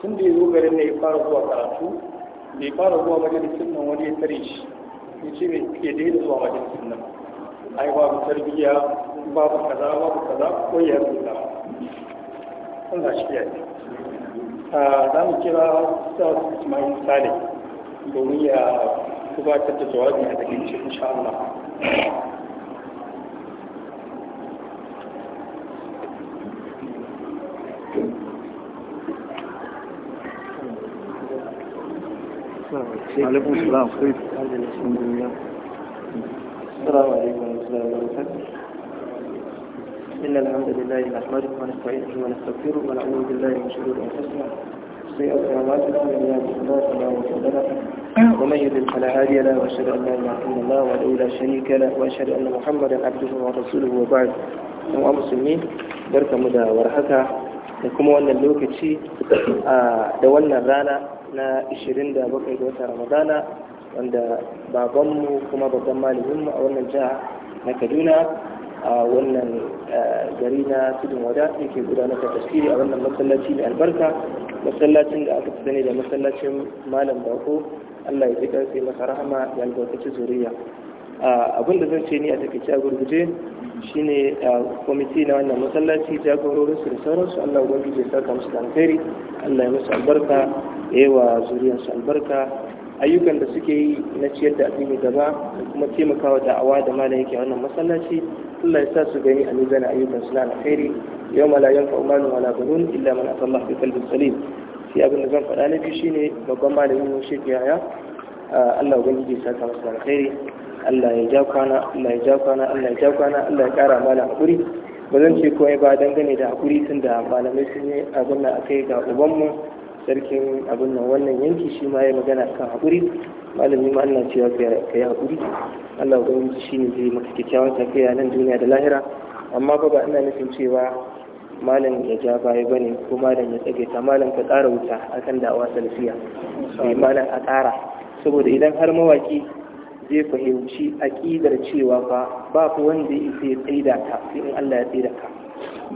tun da ya zo garin nan ya fara zuwa karatu ya fara zuwa majalisin nan wani ya tare shi ya ce bai ya daina zuwa majalisin nan ai babu tarbiyya babu kaza babu kaza ko ya rubuta Allah shi ya za mu kira Ustaz Ismail Saleh domin ya gabatar da jawabi a takaice insha Allah عليكم السلام خير الحمد لله السلام عليكم ورحمة الله وبركاته إن الحمد لله نحمده ونستعينه ونستغفره ونعوذ بالله من شرور أنفسنا سيئات أعمالنا من يهده الله فلا مضل له ومن يضلل فلا هادي له وأشهد أن لا إله إلا الله وحده لا شريك له وأشهد أن محمدا عبده ورسوله وبعد أيها المسلمين barkamu da warhaka da kuma wannan lokaci da wannan na 27 ga watan Ramadana wanda babanmu kuma babban malaminmu a wannan jiha na kaduna a wannan gari na tudun wada ke gudanar da tasiri a wannan masallaci mai albarka masallacin da aka fi sani da masallacin malam bako allah ya ji kansa masa rahama da albarkaci zuriya abin da zan ce ni a takaice a gurguje shine kwamiti na wannan masallaci jagororin su da sauransu Allah ubangiji ya saka musu alkhairi Allah ya musu albarka ya yi zuriyarsu albarka ayyukan da suke yi na ciyar da addini gaba da kuma taimakawa da'awa da malam yake wannan masallaci Allah ya sa su gani a mizanin ayyukan su na alkhairi yau ma la yanfa'u malun wala banun illa man ata Allah bi salim sai abin da zan faɗa na biyu shine babban malamin mu Sheikh Yahya Allah ubangiji ya saka masa alkhairi Allah ya jakwana? Allah ya jakwana? Allah ya jakwana? Allah ya kara malam hakuri ba zan ce komai ba dangane da hakuri tun da malamai sun yi abin da akai ga ubanmu sarkin abin nan wannan yanki shi ma ya magana kan haƙuri malami ma Allah cewa ka yi haƙuri Allah ubangiji shi ne zai maka kyakkyawan tafiya nan duniya da lahira amma ba ba ina nufin cewa malam ya ja baya bane ko malam ya tsage ta malam ka ƙara wuta akan da'awa salafiya sai eh, malam a ƙara saboda idan har mawaki zai fahimci aƙidar cewa ba ba ku wanda ya sai tsaida ka sai in Allah ya tsaida ka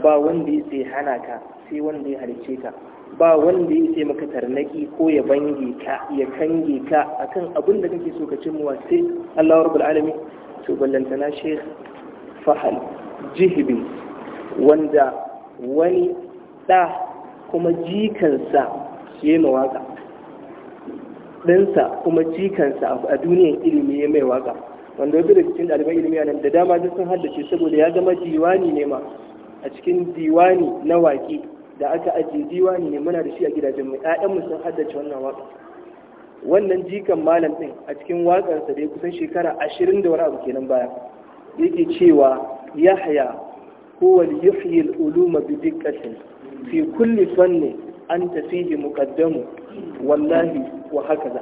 ba wanda ya sai hana ka sai wanda ya halicce ka ba wanda ya ce maka tarnaki ko ya bange ka ya kange ka akan abin da kake so ka cin muwa sai Allah rabbul alamin to ballantana sheikh fahal jihibi wanda wani da kuma jikansa ya yi mawaka ɗansa kuma jikansa a duniyar ilimi ya mai waka wanda wasu da cikin ɗaliban ilimi nan da dama duk sun haddace saboda ya zama diwani ne ma a cikin diwani na waƙe da aka ajiye diwani ne muna da shi a gidajen mu ƴaƴanmu sun haddace wannan waƙa wannan jikan malam ɗin a cikin waƙarsa da ya kusan shekara ashirin da wani abu kenan baya yake cewa yahya huwa yuhyi al-uluma bi diqqatin fi kulli fanni anta fihi muqaddamu wallahi wa hakaza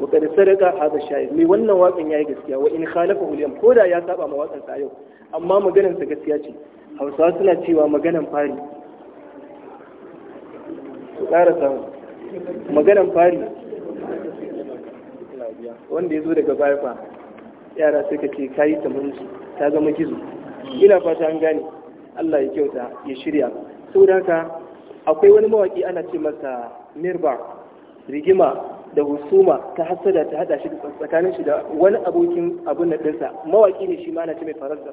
wa kad sadaqa hadha shayr mai wannan waƙan yayi gaskiya wa in khalafahu al koda ya saba ma waƙan sa yau amma maganar sa gaskiya ce Hausawa suna cewa maganan fari tsara ƙara samu maganan fari wanda ya zo daga baya fa yara ka ce ka yi su ta zama gizo ina fata an gane Allah ya kyauta ya shirya saboda haka akwai wani mawaki ana ce masa mirba rigima da husuma ta hasada ta hada shi tsakanin shi da wani abokin abun na ɗinsa mawaki ne shi ma ana ce mai faransa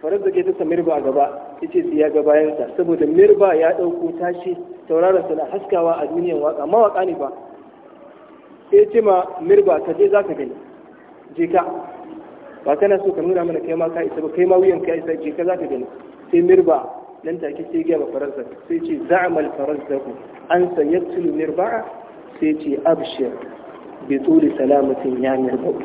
farar da ta mirba a gaba ita ce ya ga bayansa saboda mirba ya ɗauko tashi tauraron suna haskawa a duniyar waka mawaka ne ba sai ce ma mirba ka je zaka gani je ka ba kana so ka nuna mana kai ma ka isa ba kai ma wuyan ka isa je ka zaka gani sai mirba nan ke sai ga faransa sai ce za'amal ku, an sayaktulu mirba sai ce abshir bi tuli salamatin ya mirba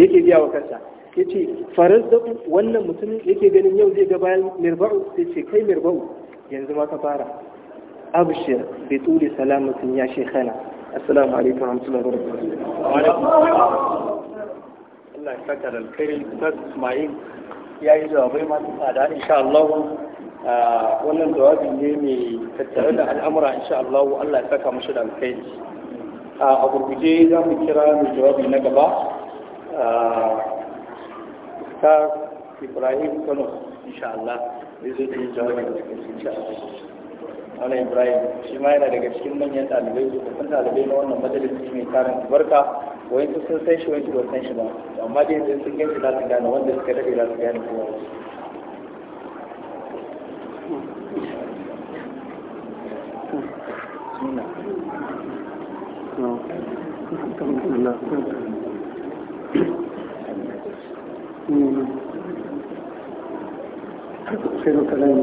yake biya wa kansa ya ce farazzaku wannan mutumin yake ganin yau zai ga bayan mirba'u sai ce kai mirba'u yanzu ma ka fara abshir bi tuli salamatin ya shekhana assalamu alaikum warahmatullahi wabarakatuh Allah ya saka da alkhairi Ustaz Ismail ya yi jawabai masu tsada insha Allah ah, wannan jawabi ne mai tattare da al'amura insha Allah Allah ya saka mashi da alkhairi ah, a gurguje za mu kira mai jawabi na gaba ah, ta ibrahim kano insha Allah zai zo cikin jawabin da suka ci a wani ibrahim shi ma yana daga cikin manyan ɗalibai su kusan ɗalibai na wannan majalisi mai tarin barka wani su sun san shi wani su ba san shi ba amma dai zai sun gani za su gane wanda suka daɗe za su gane kowa No. خير كلام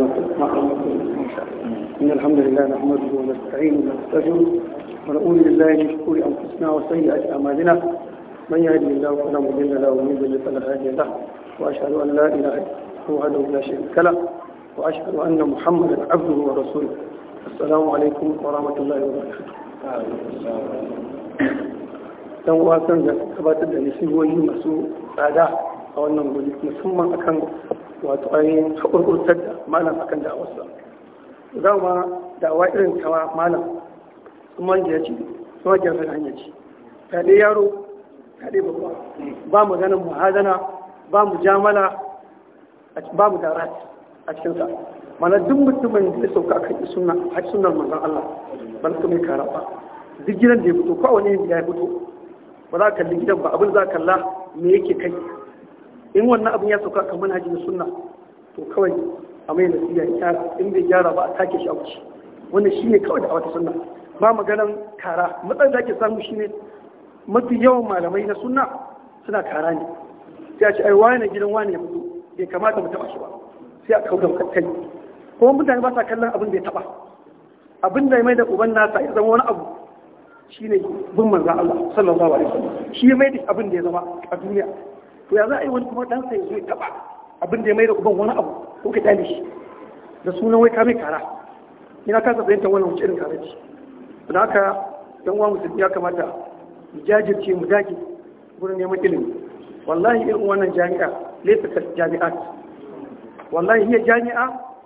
إن الحمد لله نحمده ونستعينه ونستجره ونقول بالله من شرور أنفسنا وسيئات أعمالنا من يهد الله فلا مضل له ومن يضلل فلا هادي له وأشهد أن لا إله إلا الله وحده لا شريك له وأشهد أن محمدا عبده ورسوله السلام عليكم ورحمة الله وبركاته dan wasan da gabatar a wannan guri musamman akan wato ainihin tsakurkurtar da malam akan da'awarsa ma da'awa irin tawa malam sun da ya ce tsuman wajen sun hanyar hanya ce kaɗe yaro kaɗe babba ba mu ganin muhazana ba mu jamala ba mu darat a cikinsa mana duk mutumin da ya sauka kan suna a sunan manzon Allah ba su mai kara ba duk gidan da ya fito ko wani ya fito ba za ka kalli gidan ba abin za ka kalla me yake kai in wannan abin ya sauka kan manhajin sunna to kawai a mai nasiya ya in bai gyara ba a take shi a wuce wannan shine kawai da wata sunna ba maganan kara matsayin da ake samu shine mafi yawan malamai na sunna suna kara ne sai a ce ai wani gidan wani ya fito bai kamata mu taba shi ba sai a kauda kai kuma mutane ba sa kallon abin da ya taba abin da ya mai da uban nasa ya zama wani abu shine bin manzon Allah sallallahu alaihi wasallam shi mai da abin da ya zama a duniya to ya za a yi wani kuma ɗansa ya zo ya taɓa abin da ya mai da uban wani abu ko ka dame shi da sunan wai kame kara ina kasa fahimtar wannan wuce irin kare ce don haka yan uwa musulmi ya kamata mu jajirce mu dage gurin neman ilimi wallahi irin wannan jami'a laysa kal jami'at wallahi hiya jami'a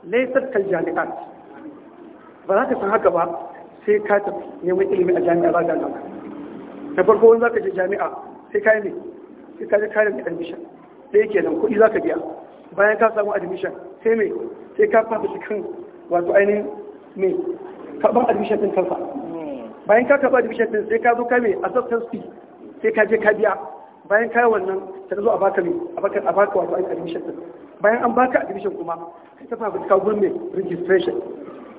laysa kal jami'at ba za ka san haka ba sai ka tafi neman ilimi a jami'a ba ga nan na farko wani za ka je jami'a sai ka yi ne sai ka je ka nemi admission ɗaya kenan kuɗi za ka biya bayan ka samu admission sai me sai ka fafa cikin wato ainihin me karɓar admission ɗin kansa bayan ka karɓar admission ɗin sai ka zo ka me acceptance fee sai ka je ka biya bayan ka wannan sai zo a baka me a baka a baka wato ainihin admission ɗin bayan an baka admission kuma sai ka fafa ka gurin me registration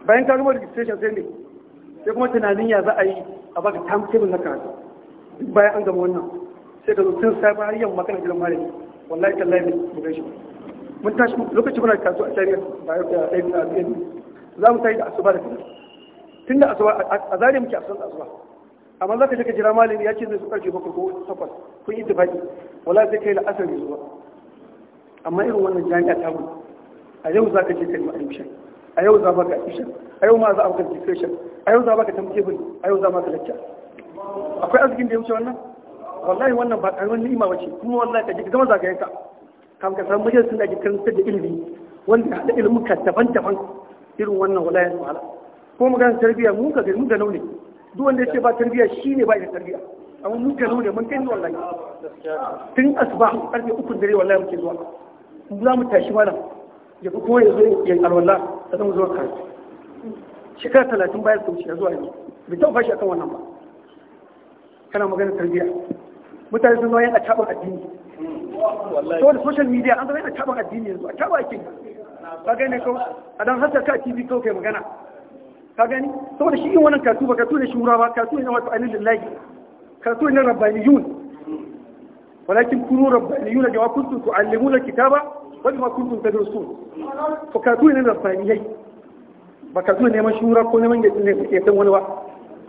bayan ka gama registration sai me sai kuma tunanin ya za a yi a baka timetable na karatu bayan an gama wannan sai ka zo tun sai ba har yamma gidan malami wallahi tallahi mu ga shi mun tashi lokaci muna kasuwa a shari'a ba yau da ɗaya a ɗaya za mu tashi da asuba da kuma tun da asuba a zari muke asuba da asuba amma za ka je ka jira malami ya ce zai su karfe bakwai ko takwas kun yi tafaki wallahi sai kai la'asar ne zuwa amma irin wannan jami'a ta mu a yau za ka je ka yi ma'aimshin a yau za maka ishin a yau ma za a maka discussion a yau za maka tamkebin a yau za ka lacca. akwai arzikin da ya wuce wannan wallahi wannan ba karamin ni'ima bace kuma wallahi ka ji gama zagayen ka kam ka san mujin sun da kiran da ilimi wanda ya hada ilimin ka daban-daban irin wannan wallahi subhana ko mu gan tarbiya mu ka ga mu ga naune duk wanda yace ba tarbiya shine ba ita tarbiya amma mu ga naune mun kai wallahi tun asuba karfe 3 dare wallahi muke zuwa mu za mu tashi mana ya fi kowa ya zo ya alwala ta zama zuwa karatu shekara talatin bayan su wuce zuwa yanzu bai taɓa fashi akan wannan ba kana maganar tarbiyya mutane sun zama yan acaban addini to da social media an zama yan acaban addini yanzu acaba ake ka gane ko a don hasa ka tv ko kai magana ka gani saboda shi yin wannan katu ba katu da shura ba katu ne wato ainihin lillahi katu ne rabbaniyun walakin kunu rabbaniyuna da kuntum tu'allimuna kitaba wani wa bima kuntum su to katu ne rabbaniyai ba katu ne neman shura ko neman ya san wani ba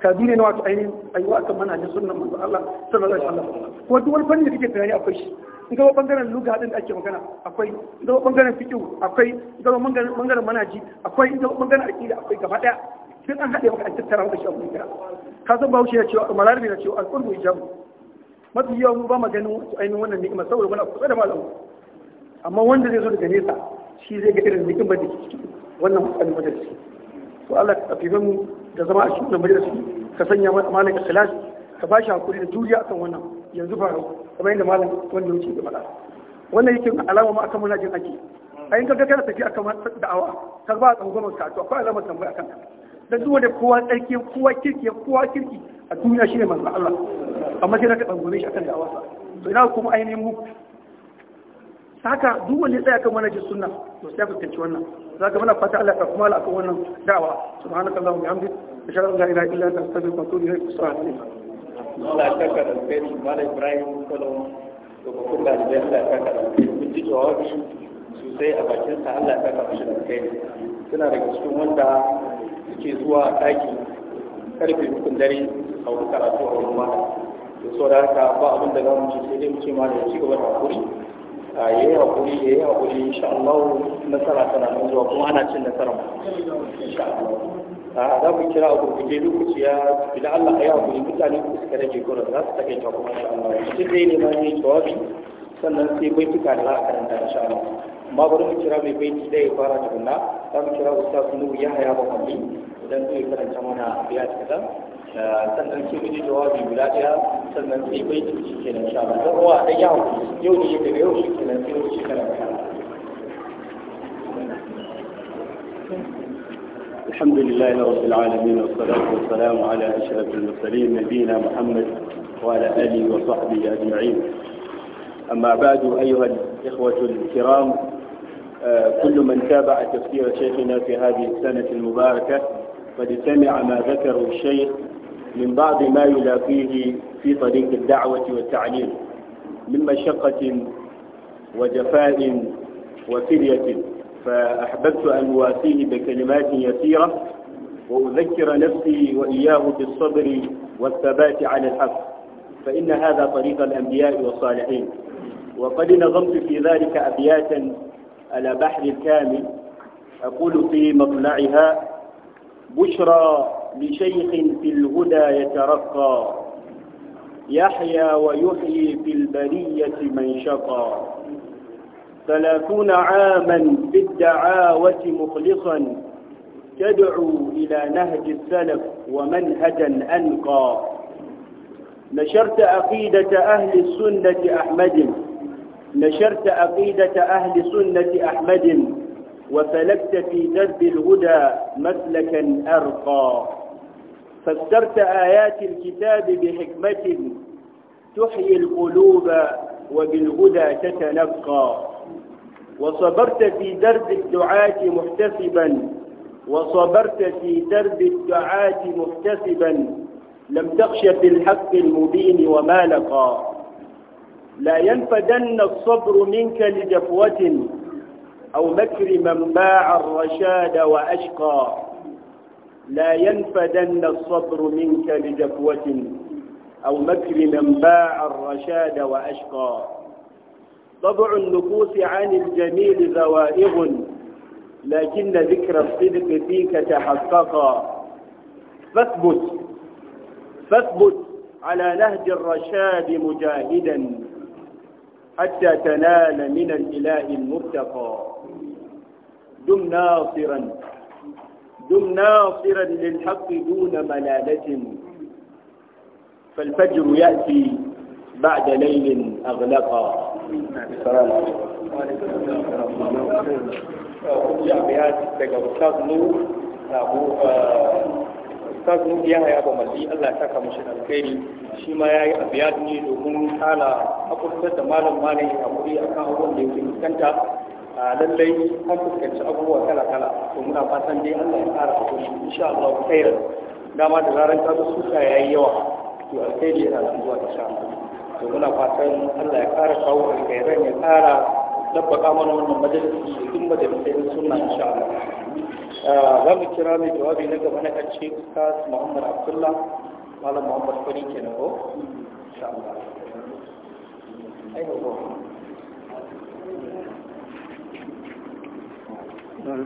tadiri na wato ainihin aiwa kan manhajin sunnan manzo Allah sallallahu alaihi wasallam ko duk wani fanni da kake tunani akwai shi in ga bangaren lugha din da ake magana akwai in ga bangaren fiqh akwai in ga bangaren manaji akwai in ga bangaren aqida akwai gaba daya sai an haɗe maka an tattara maka shi abu kira ka san bahaushe ya ce malarabi na ce alƙurbu hijabu mafi yawan mu ba ma ganin ainihin wannan ni'ima saboda wani kusa da malamu amma wanda zai zo daga nesa shi zai ga irin ni'imar da ke cikin wannan matsalin da ke to Allah ka tafi mu da zama a cikin majalisi ka sanya malam ikhlas ka ba shi hakuri da juriya akan wannan yanzu fa kamar yadda malam wanda wuce da faɗa wannan yake alama ma akan muna jin ake a yin kaga kana tafiya akan da'awa ka ba a tsangwamar ka to akwai alamar tambaya akan ka dan duk wanda kowa tsarki kowa kirki kowa kirki a duniya shi ne manzo Allah amma sai ka tsangwame shi akan da'awa to ina kuma ainihin mu Saka duk wanda ya tsaya kan manhajin sunna to sai ka tantance wannan za zaka muna fata Allah ka kuma akan wannan da'awa subhanakallahu wa bihamdik ashhadu an la ilaha illa anta astaghfiruka wa atubu ilaik assalamu alaikum Allah ya saka da kai Malam Ibrahim Kolon to ba kun da da Allah ya saka da kai kun ji jawabi sosai a bakin sa Allah ya saka mishi da kai suna daga cikin wanda suke zuwa daki karfe hukun dare a wani karatu a wani mata to saboda haka ba abin da za mu ci sai dai mu ce malam ya ci gaba da hakuri a yi haƙuri ya yi haƙuri insha Allah nasara tana nan zuwa kuma ana cin nasara insha Allah a za mu kira a gurguje lokaci ya idan Allah ya haƙuri mutane ku suka rage gurin za su ta kuma insha Allah mutum zai ne ma yi jawabi sannan sai bai tuka da za a karanta insha Allah amma bari mu kira mai baiti da ya fara tukunna za mu kira ustaz Nuhu Yahaya Bakwai idan zai karanta mana biya kaza sannan sai mun yi jawabi guda ɗaya sannan sai bai ci shi kenan sha ba don ruwa ɗaya yau yau ne daga yau shi kenan sai wuce kana الحمد لله رب العالمين والصلاة والسلام على أشرف المرسلين نبينا محمد وعلى آله وصحبه أجمعين أما بعد أيها الإخوة الكرام آه، كل من تابع تفسير شيخنا في هذه السنة المباركة قد سمع ما ذكره الشيخ من بعض ما يلاقيه في طريق الدعوة والتعليم من مشقة وجفاء وفرية فأحببت أن أواسيه بكلمات يسيرة وأذكر نفسي وإياه بالصبر والثبات على الحق فإن هذا طريق الأنبياء والصالحين وقد نظمت في ذلك أبياتا على بحر الكامل أقول في مطلعها بشرى بشيخ في الهدى يترقى يحيا ويحيي في البرية من شقى ثلاثون عاما بالدعاوة مخلصا تدعو إلى نهج السلف ومنهجا أنقى نشرت عقيدة أهل السنة أحمد نشرت عقيدة أهل السنة أحمد وسلكت في درب الهدى مسلكا أرقى فسرت آيات الكتاب بحكمة تحيي القلوب وبالهدى تتلقى وصبرت في درب الدعاة محتسبا وصبرت في درب الدعاة محتسبا لم تخش في الحق المبين وما لقى لا ينفدن الصبر منك لجفوة أو مكر من باع الرشاد وأشقى لا ينفدن الصبر منك لجفوة أو مكر من باع الرشاد وأشقى طبع النفوس عن الجميل ذوائب لكن ذكر الصدق فيك تحققا فاثبت فاثبت على نهج الرشاد مجاهدا حتى تنال من الإله المرتقى دم ناصرا كن ناصرا للحق دون ملالة فالفجر يأتي بعد ليل أغلقا السلام عليكم ustaz mun biya ya ba malli Allah ya saka mushi alkhairi shi ma yayi abiyad ne domin kala akurtar da malam malai a kuri akan abubuwan da yake fuskanta a lallai kan fuskanci abubuwa kala kala to muna fatan dai Allah ya fara hakuri insha Allah kai dama da zaran ka ga suka yayi yawa to alkhairi yana zuwa ta sha to muna fatan Allah ya kara kawo alkhairan ya ƙara. tabbaka mana wannan majalisi da duk majalisai sunna insha Allah za mu kira mai jawabi na gaba na ƙarshe Ustaz Muhammad Abdullah Malam Muhammad Fari kenan ko insha Allah ai أعوذ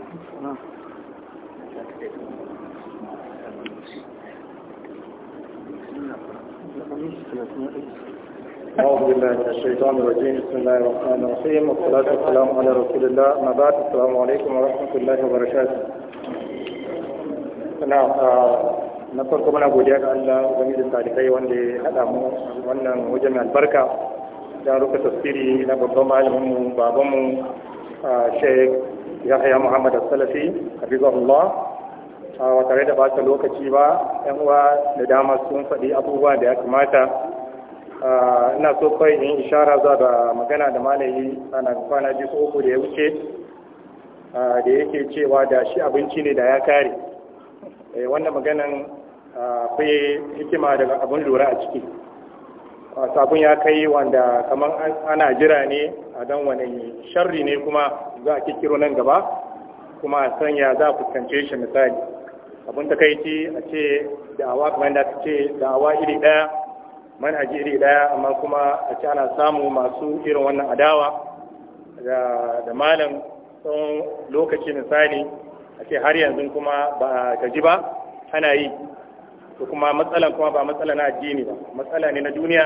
بالله من الشيطان الرجيم بسم الله الرحمن الرحيم والصلاة والسلام على رسول الله ما بعد السلام عليكم ورحمة الله وبركاته أنا نصر آه، كمان أبو جاك على جميل التاريخي وأن لي هذا مو وأن وجمع البركة جاء روك تفسيري لابو ضم علمه بابو آه، شيخ Yahaya muhammad salafi allah ba tare da bata lokaci ba yan uwa da dama sun faɗi abubuwa da ya kamata ina so kai in ishara za da magana da malayi ana kwana ji uku da ya wuce da yake cewa da shi abinci ne da ya kare eh, wannan maganan akwai hikima daga abin lura a ciki sabon ya kai wanda kamar ana jira ne adan wane wani sharri ne kuma za a kikiro nan gaba kuma a sanya za a fuskance shi misali abin takaici, kai ce a ce da'awa kamar da ta ce da'awa iri daya manhaji iri ɗaya amma kuma a ce ana samu masu irin wannan adawa da malam tsawon lokaci misali a ce har yanzu kuma ba gaji ba ana yi to kuma matsalan kuma ba matsala na addini ba matsala ne na duniya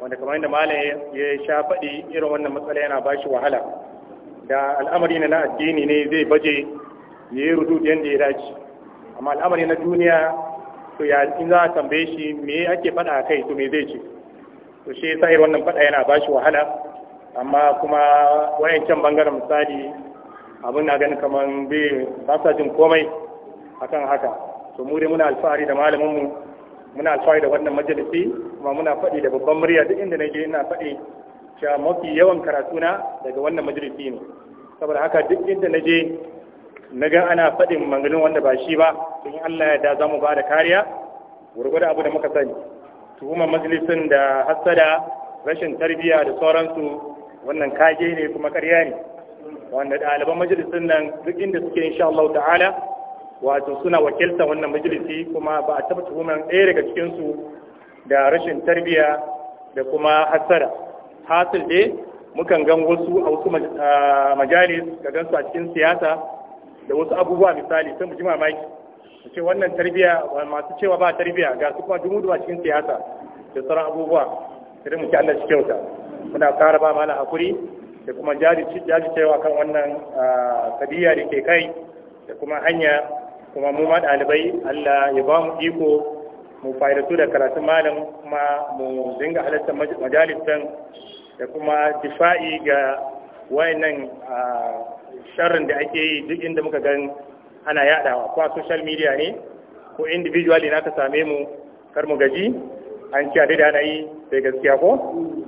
wanda kamar yadda malam ya sha faɗi irin wannan matsala yana ba shi wahala da al'amari na addini ne zai baje ya yi rudu yadda ya dace amma al'amari na duniya to ya in za a tambaye shi me ake faɗa a kai to me zai ce to shi yasa irin wannan faɗa yana ba shi wahala amma kuma wayancan bangaren misali abin na ganin kamar bai ba sa jin komai akan haka to mu dai muna alfahari da malamin mu muna alfahari da wannan majalisi kuma muna faɗi da babban murya duk inda nake ina faɗi cewa mafi yawan karatuna daga wannan majalisi ne saboda haka duk inda naje na ga ana faɗin maganin wanda ba shi ba to in Allah ya da za mu ba da kariya gurgurda abu da muka sani tuhumar majalisin da hassada rashin tarbiyya da sauransu wannan kage ne kuma ƙarya ne wanda ɗaliban majalisin nan duk inda suke insha Allah ta'ala wato suna wakilta wannan majalisi kuma ba a taɓa tuhumar ɗaya daga cikinsu da rashin tarbiya da kuma hasara hasil dai mukan gan wasu a wasu majalis ga gansu a cikin siyasa da wasu abubuwa misali sai mu ji mamaki su ce wannan tarbiya masu cewa ba tarbiya ga su kuma dumudu a cikin siyasa da sauran abubuwa sai mu ci Allah shi kyauta muna ƙara ba mana hakuri da kuma jajircewa kan wannan kadiya da ke kai da kuma hanya kuma mu ma ɗalibai Allah ya ba mu iko mu fa'idatu da karatun malam kuma mu dinga halartar majalisan da kuma difa'i ga wayannan sharrin da ake yi duk inda muka gan ana yadawa ko a social media ne ko individually na ka same mu kar mu gaji an ci da ana yi sai gaskiya ko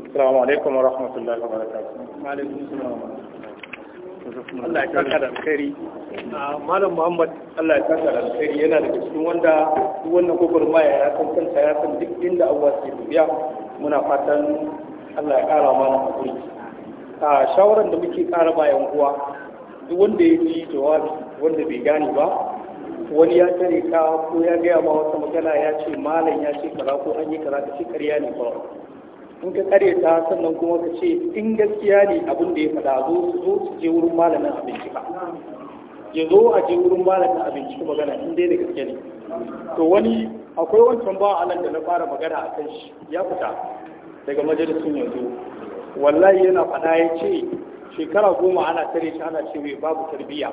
assalamu alaikum wa rahmatullahi wa barakatuh Allah ya saka alkhairi ah, malam Muhammad Allah ya saka da alkhairi yana da cikin wanda duk wannan gwagwarmaya ya san kanta ya san duk inda abuwa ke tafiya muna fatan Allah ya kara mana hakuri a ah, shawaran da muke kara ba yan uwa duk wanda ya ji jawabi wanda bai gane ba wani ya tare ka ko ya gaya ma wata magana ya ce malam ya ce kaza ko an yi kaza ka ce ƙarya ne ba in ka kare ta sannan kuma ka ce in gaskiya ne abin da ya faɗa zo su zo su je wurin malamin a bincika ya zo a je wurin malamin a bincika magana in dai da gaske ne to wani akwai wancan ba alan da na fara magana a kan shi ya fita daga majalisun yanzu wallahi yana faɗa ya ce shekara goma ana tare shi ana ce babu tarbiyya ya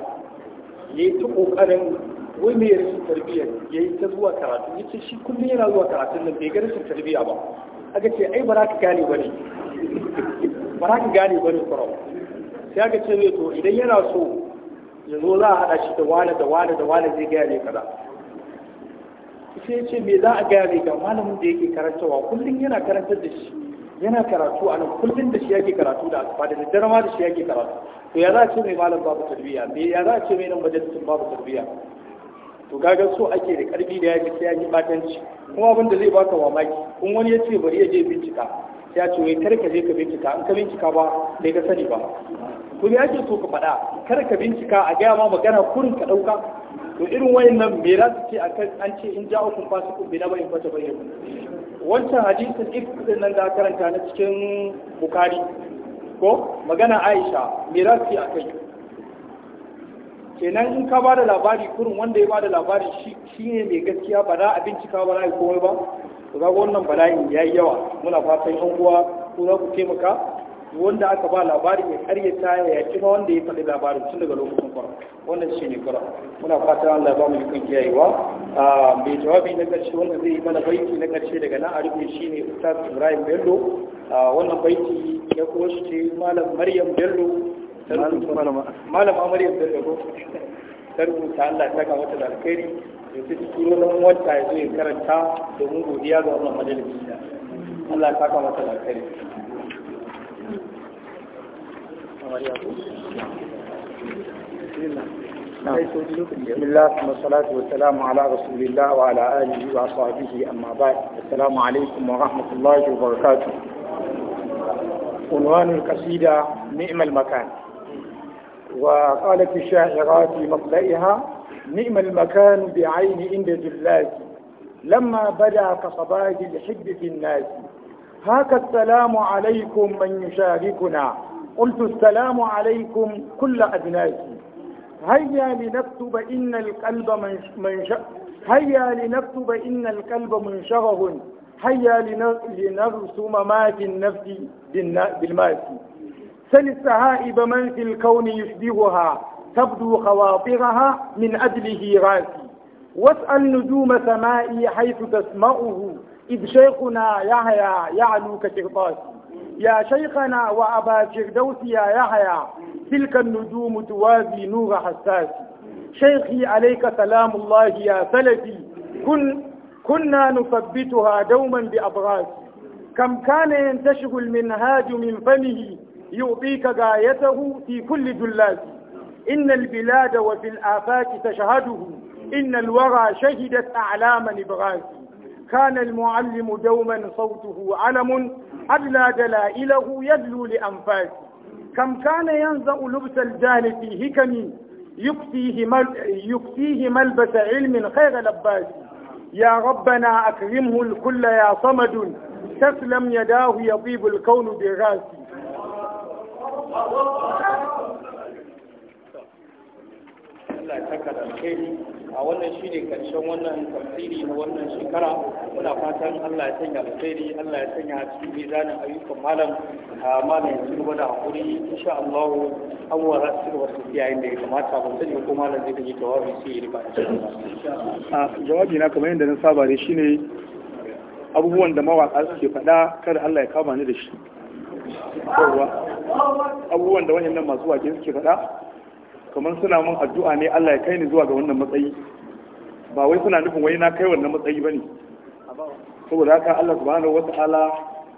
yi ta ƙoƙarin wai me rashin tarbiyya ya yi ta zuwa karatu ce shi kullum yana zuwa karatun nan bai ga rashin tarbiyya ba ga ce ai ba za ka gane ne. ba za ka gane ne kwarau sai aka ce mai to idan yana so ya zo za a haɗa shi da wane da wane da wane zai gane kaza sai ya ce me za a gane ga malamin da yake karantawa kullum yana karantar da shi yana karatu a nan kullum da shi yake karatu da Ba da daddare ma da shi yake karatu to ya za a ce mai malam babu tarbiyya me ya za a ce mai nan sun babu tarbiyya to gaga so ake da karfi da yaki sai yaki yi batanci kuma abinda da zai baka mamaki kun wani ya ce bari ya je bincika sai ya ce wai kar ka je ka bincika in ka bincika ba bai ka sani ba to me ce so ka faɗa kar ka bincika a gaya ma magana kurin ka ɗauka to irin nan me za su ce an ce in ja'ukum na bi fata fatabayyanu wancan hadisin ikudin nan da karanta na cikin bukari ko magana aisha me za su ce a kai kenan in ka ba da labari kurin wanda ya ba da labari shi ne mai gaskiya ba za a bincika ba za a komai ba to ga wannan bala'in ya yi yawa muna fatan yan uwa ko za ku taimaka wanda aka ba labari ya karyata ya yaki ma wanda ya faɗi labarin tun daga lokacin fara wannan shi ne fara muna fatan Allah ba mu yakan kiyayewa mai jawabi na ƙarshe wanda zai yi mana baiti na ƙarshe daga nan a rufe shi ne Ustaz Ibrahim Bello wannan baiti ya kuwa shi ce Malam Maryam Bello malama amarya da dago ta rubuta Allah ya saka mata da alkhairi da ta turo nan wata ya zo ya karanta domin godiya ga wannan majalisi Allah ya saka mata da alkhairi بسم الله والصلاة والسلام على رسول الله وعلى آله وصحبه أما بعد السلام عليكم ورحمة الله وبركاته عنوان القصيدة نعم المكان وقالت الشاعرات في مطلئها نعم المكان بعين عند جلاتي لما بدا كصباج الحب في الناس هاك السلام عليكم من يشاركنا قلت السلام عليكم كل أدناسي هيا لنكتب إن القلب من, من هيا لنكتب إن القلب منشغه هيا لنرسم ما في النفس بالماسي سل السهائب من في الكون يشبهها تبدو خواطرها من أجله راسي واسأل نجوم سمائي حيث تسمعه إذ شيخنا يحيى يعلو كشرطاسي يا شيخنا وأبا شردوس يا يحيى تلك النجوم توازي نور حساسي شيخي عليك سلام الله يا سلفي كن كنا نثبتها دوما بأبراسي كم كان ينتشر المنهاج من فمه يعطيك غايته في كل جلاس إن البلاد وفي الآفات تشهده إن الورى شهدت أعلام نبغاز كان المعلم دوما صوته علم أدلى دلائله يدلو لأنفاس كم كان ينزأ لبس الجان في هكم يكفيه, مل يكفيه ملبس علم خير لباس يا ربنا أكرمه الكل يا صمد تسلم يداه يطيب الكون بالراس Allah ta karance ni a wannan shi ne karshen wannan tafsiri na wannan shekara muna fatan Allah ya sanya alkhairi Allah ya sanya cikin mizanin ayyukan malam malam ya cigaba da hakuri insha Allah an wara su da wasu yayin da ya kamata ba sani ko malam zai yi jawabi sai ya riba a jawabi na kamar yadda na saba ne shine abubuwan da mawaƙa suke faɗa kada Allah ya kama ni da shi abubuwan da wayannan masu wake suke faɗa kamar suna mun addu'a ne Allah ya kai ni zuwa ga wannan matsayi ba wai suna nufin wai na kai wannan matsayi bane saboda haka Allah subhanahu wataala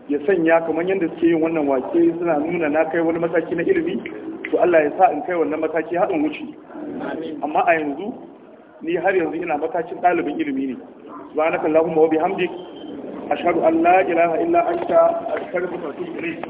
ya sanya kamar yadda suke yin wannan wake suna nuna na kai wani mataki na ilimi to Allah ya sa in kai wannan mataki har in wuce amma a yanzu ni har yanzu ina matakin ɗalibin ilimi ne allahumma wa bihamdik ashhadu an la ilaha illa anta astaghfiruka wa atubu ilayk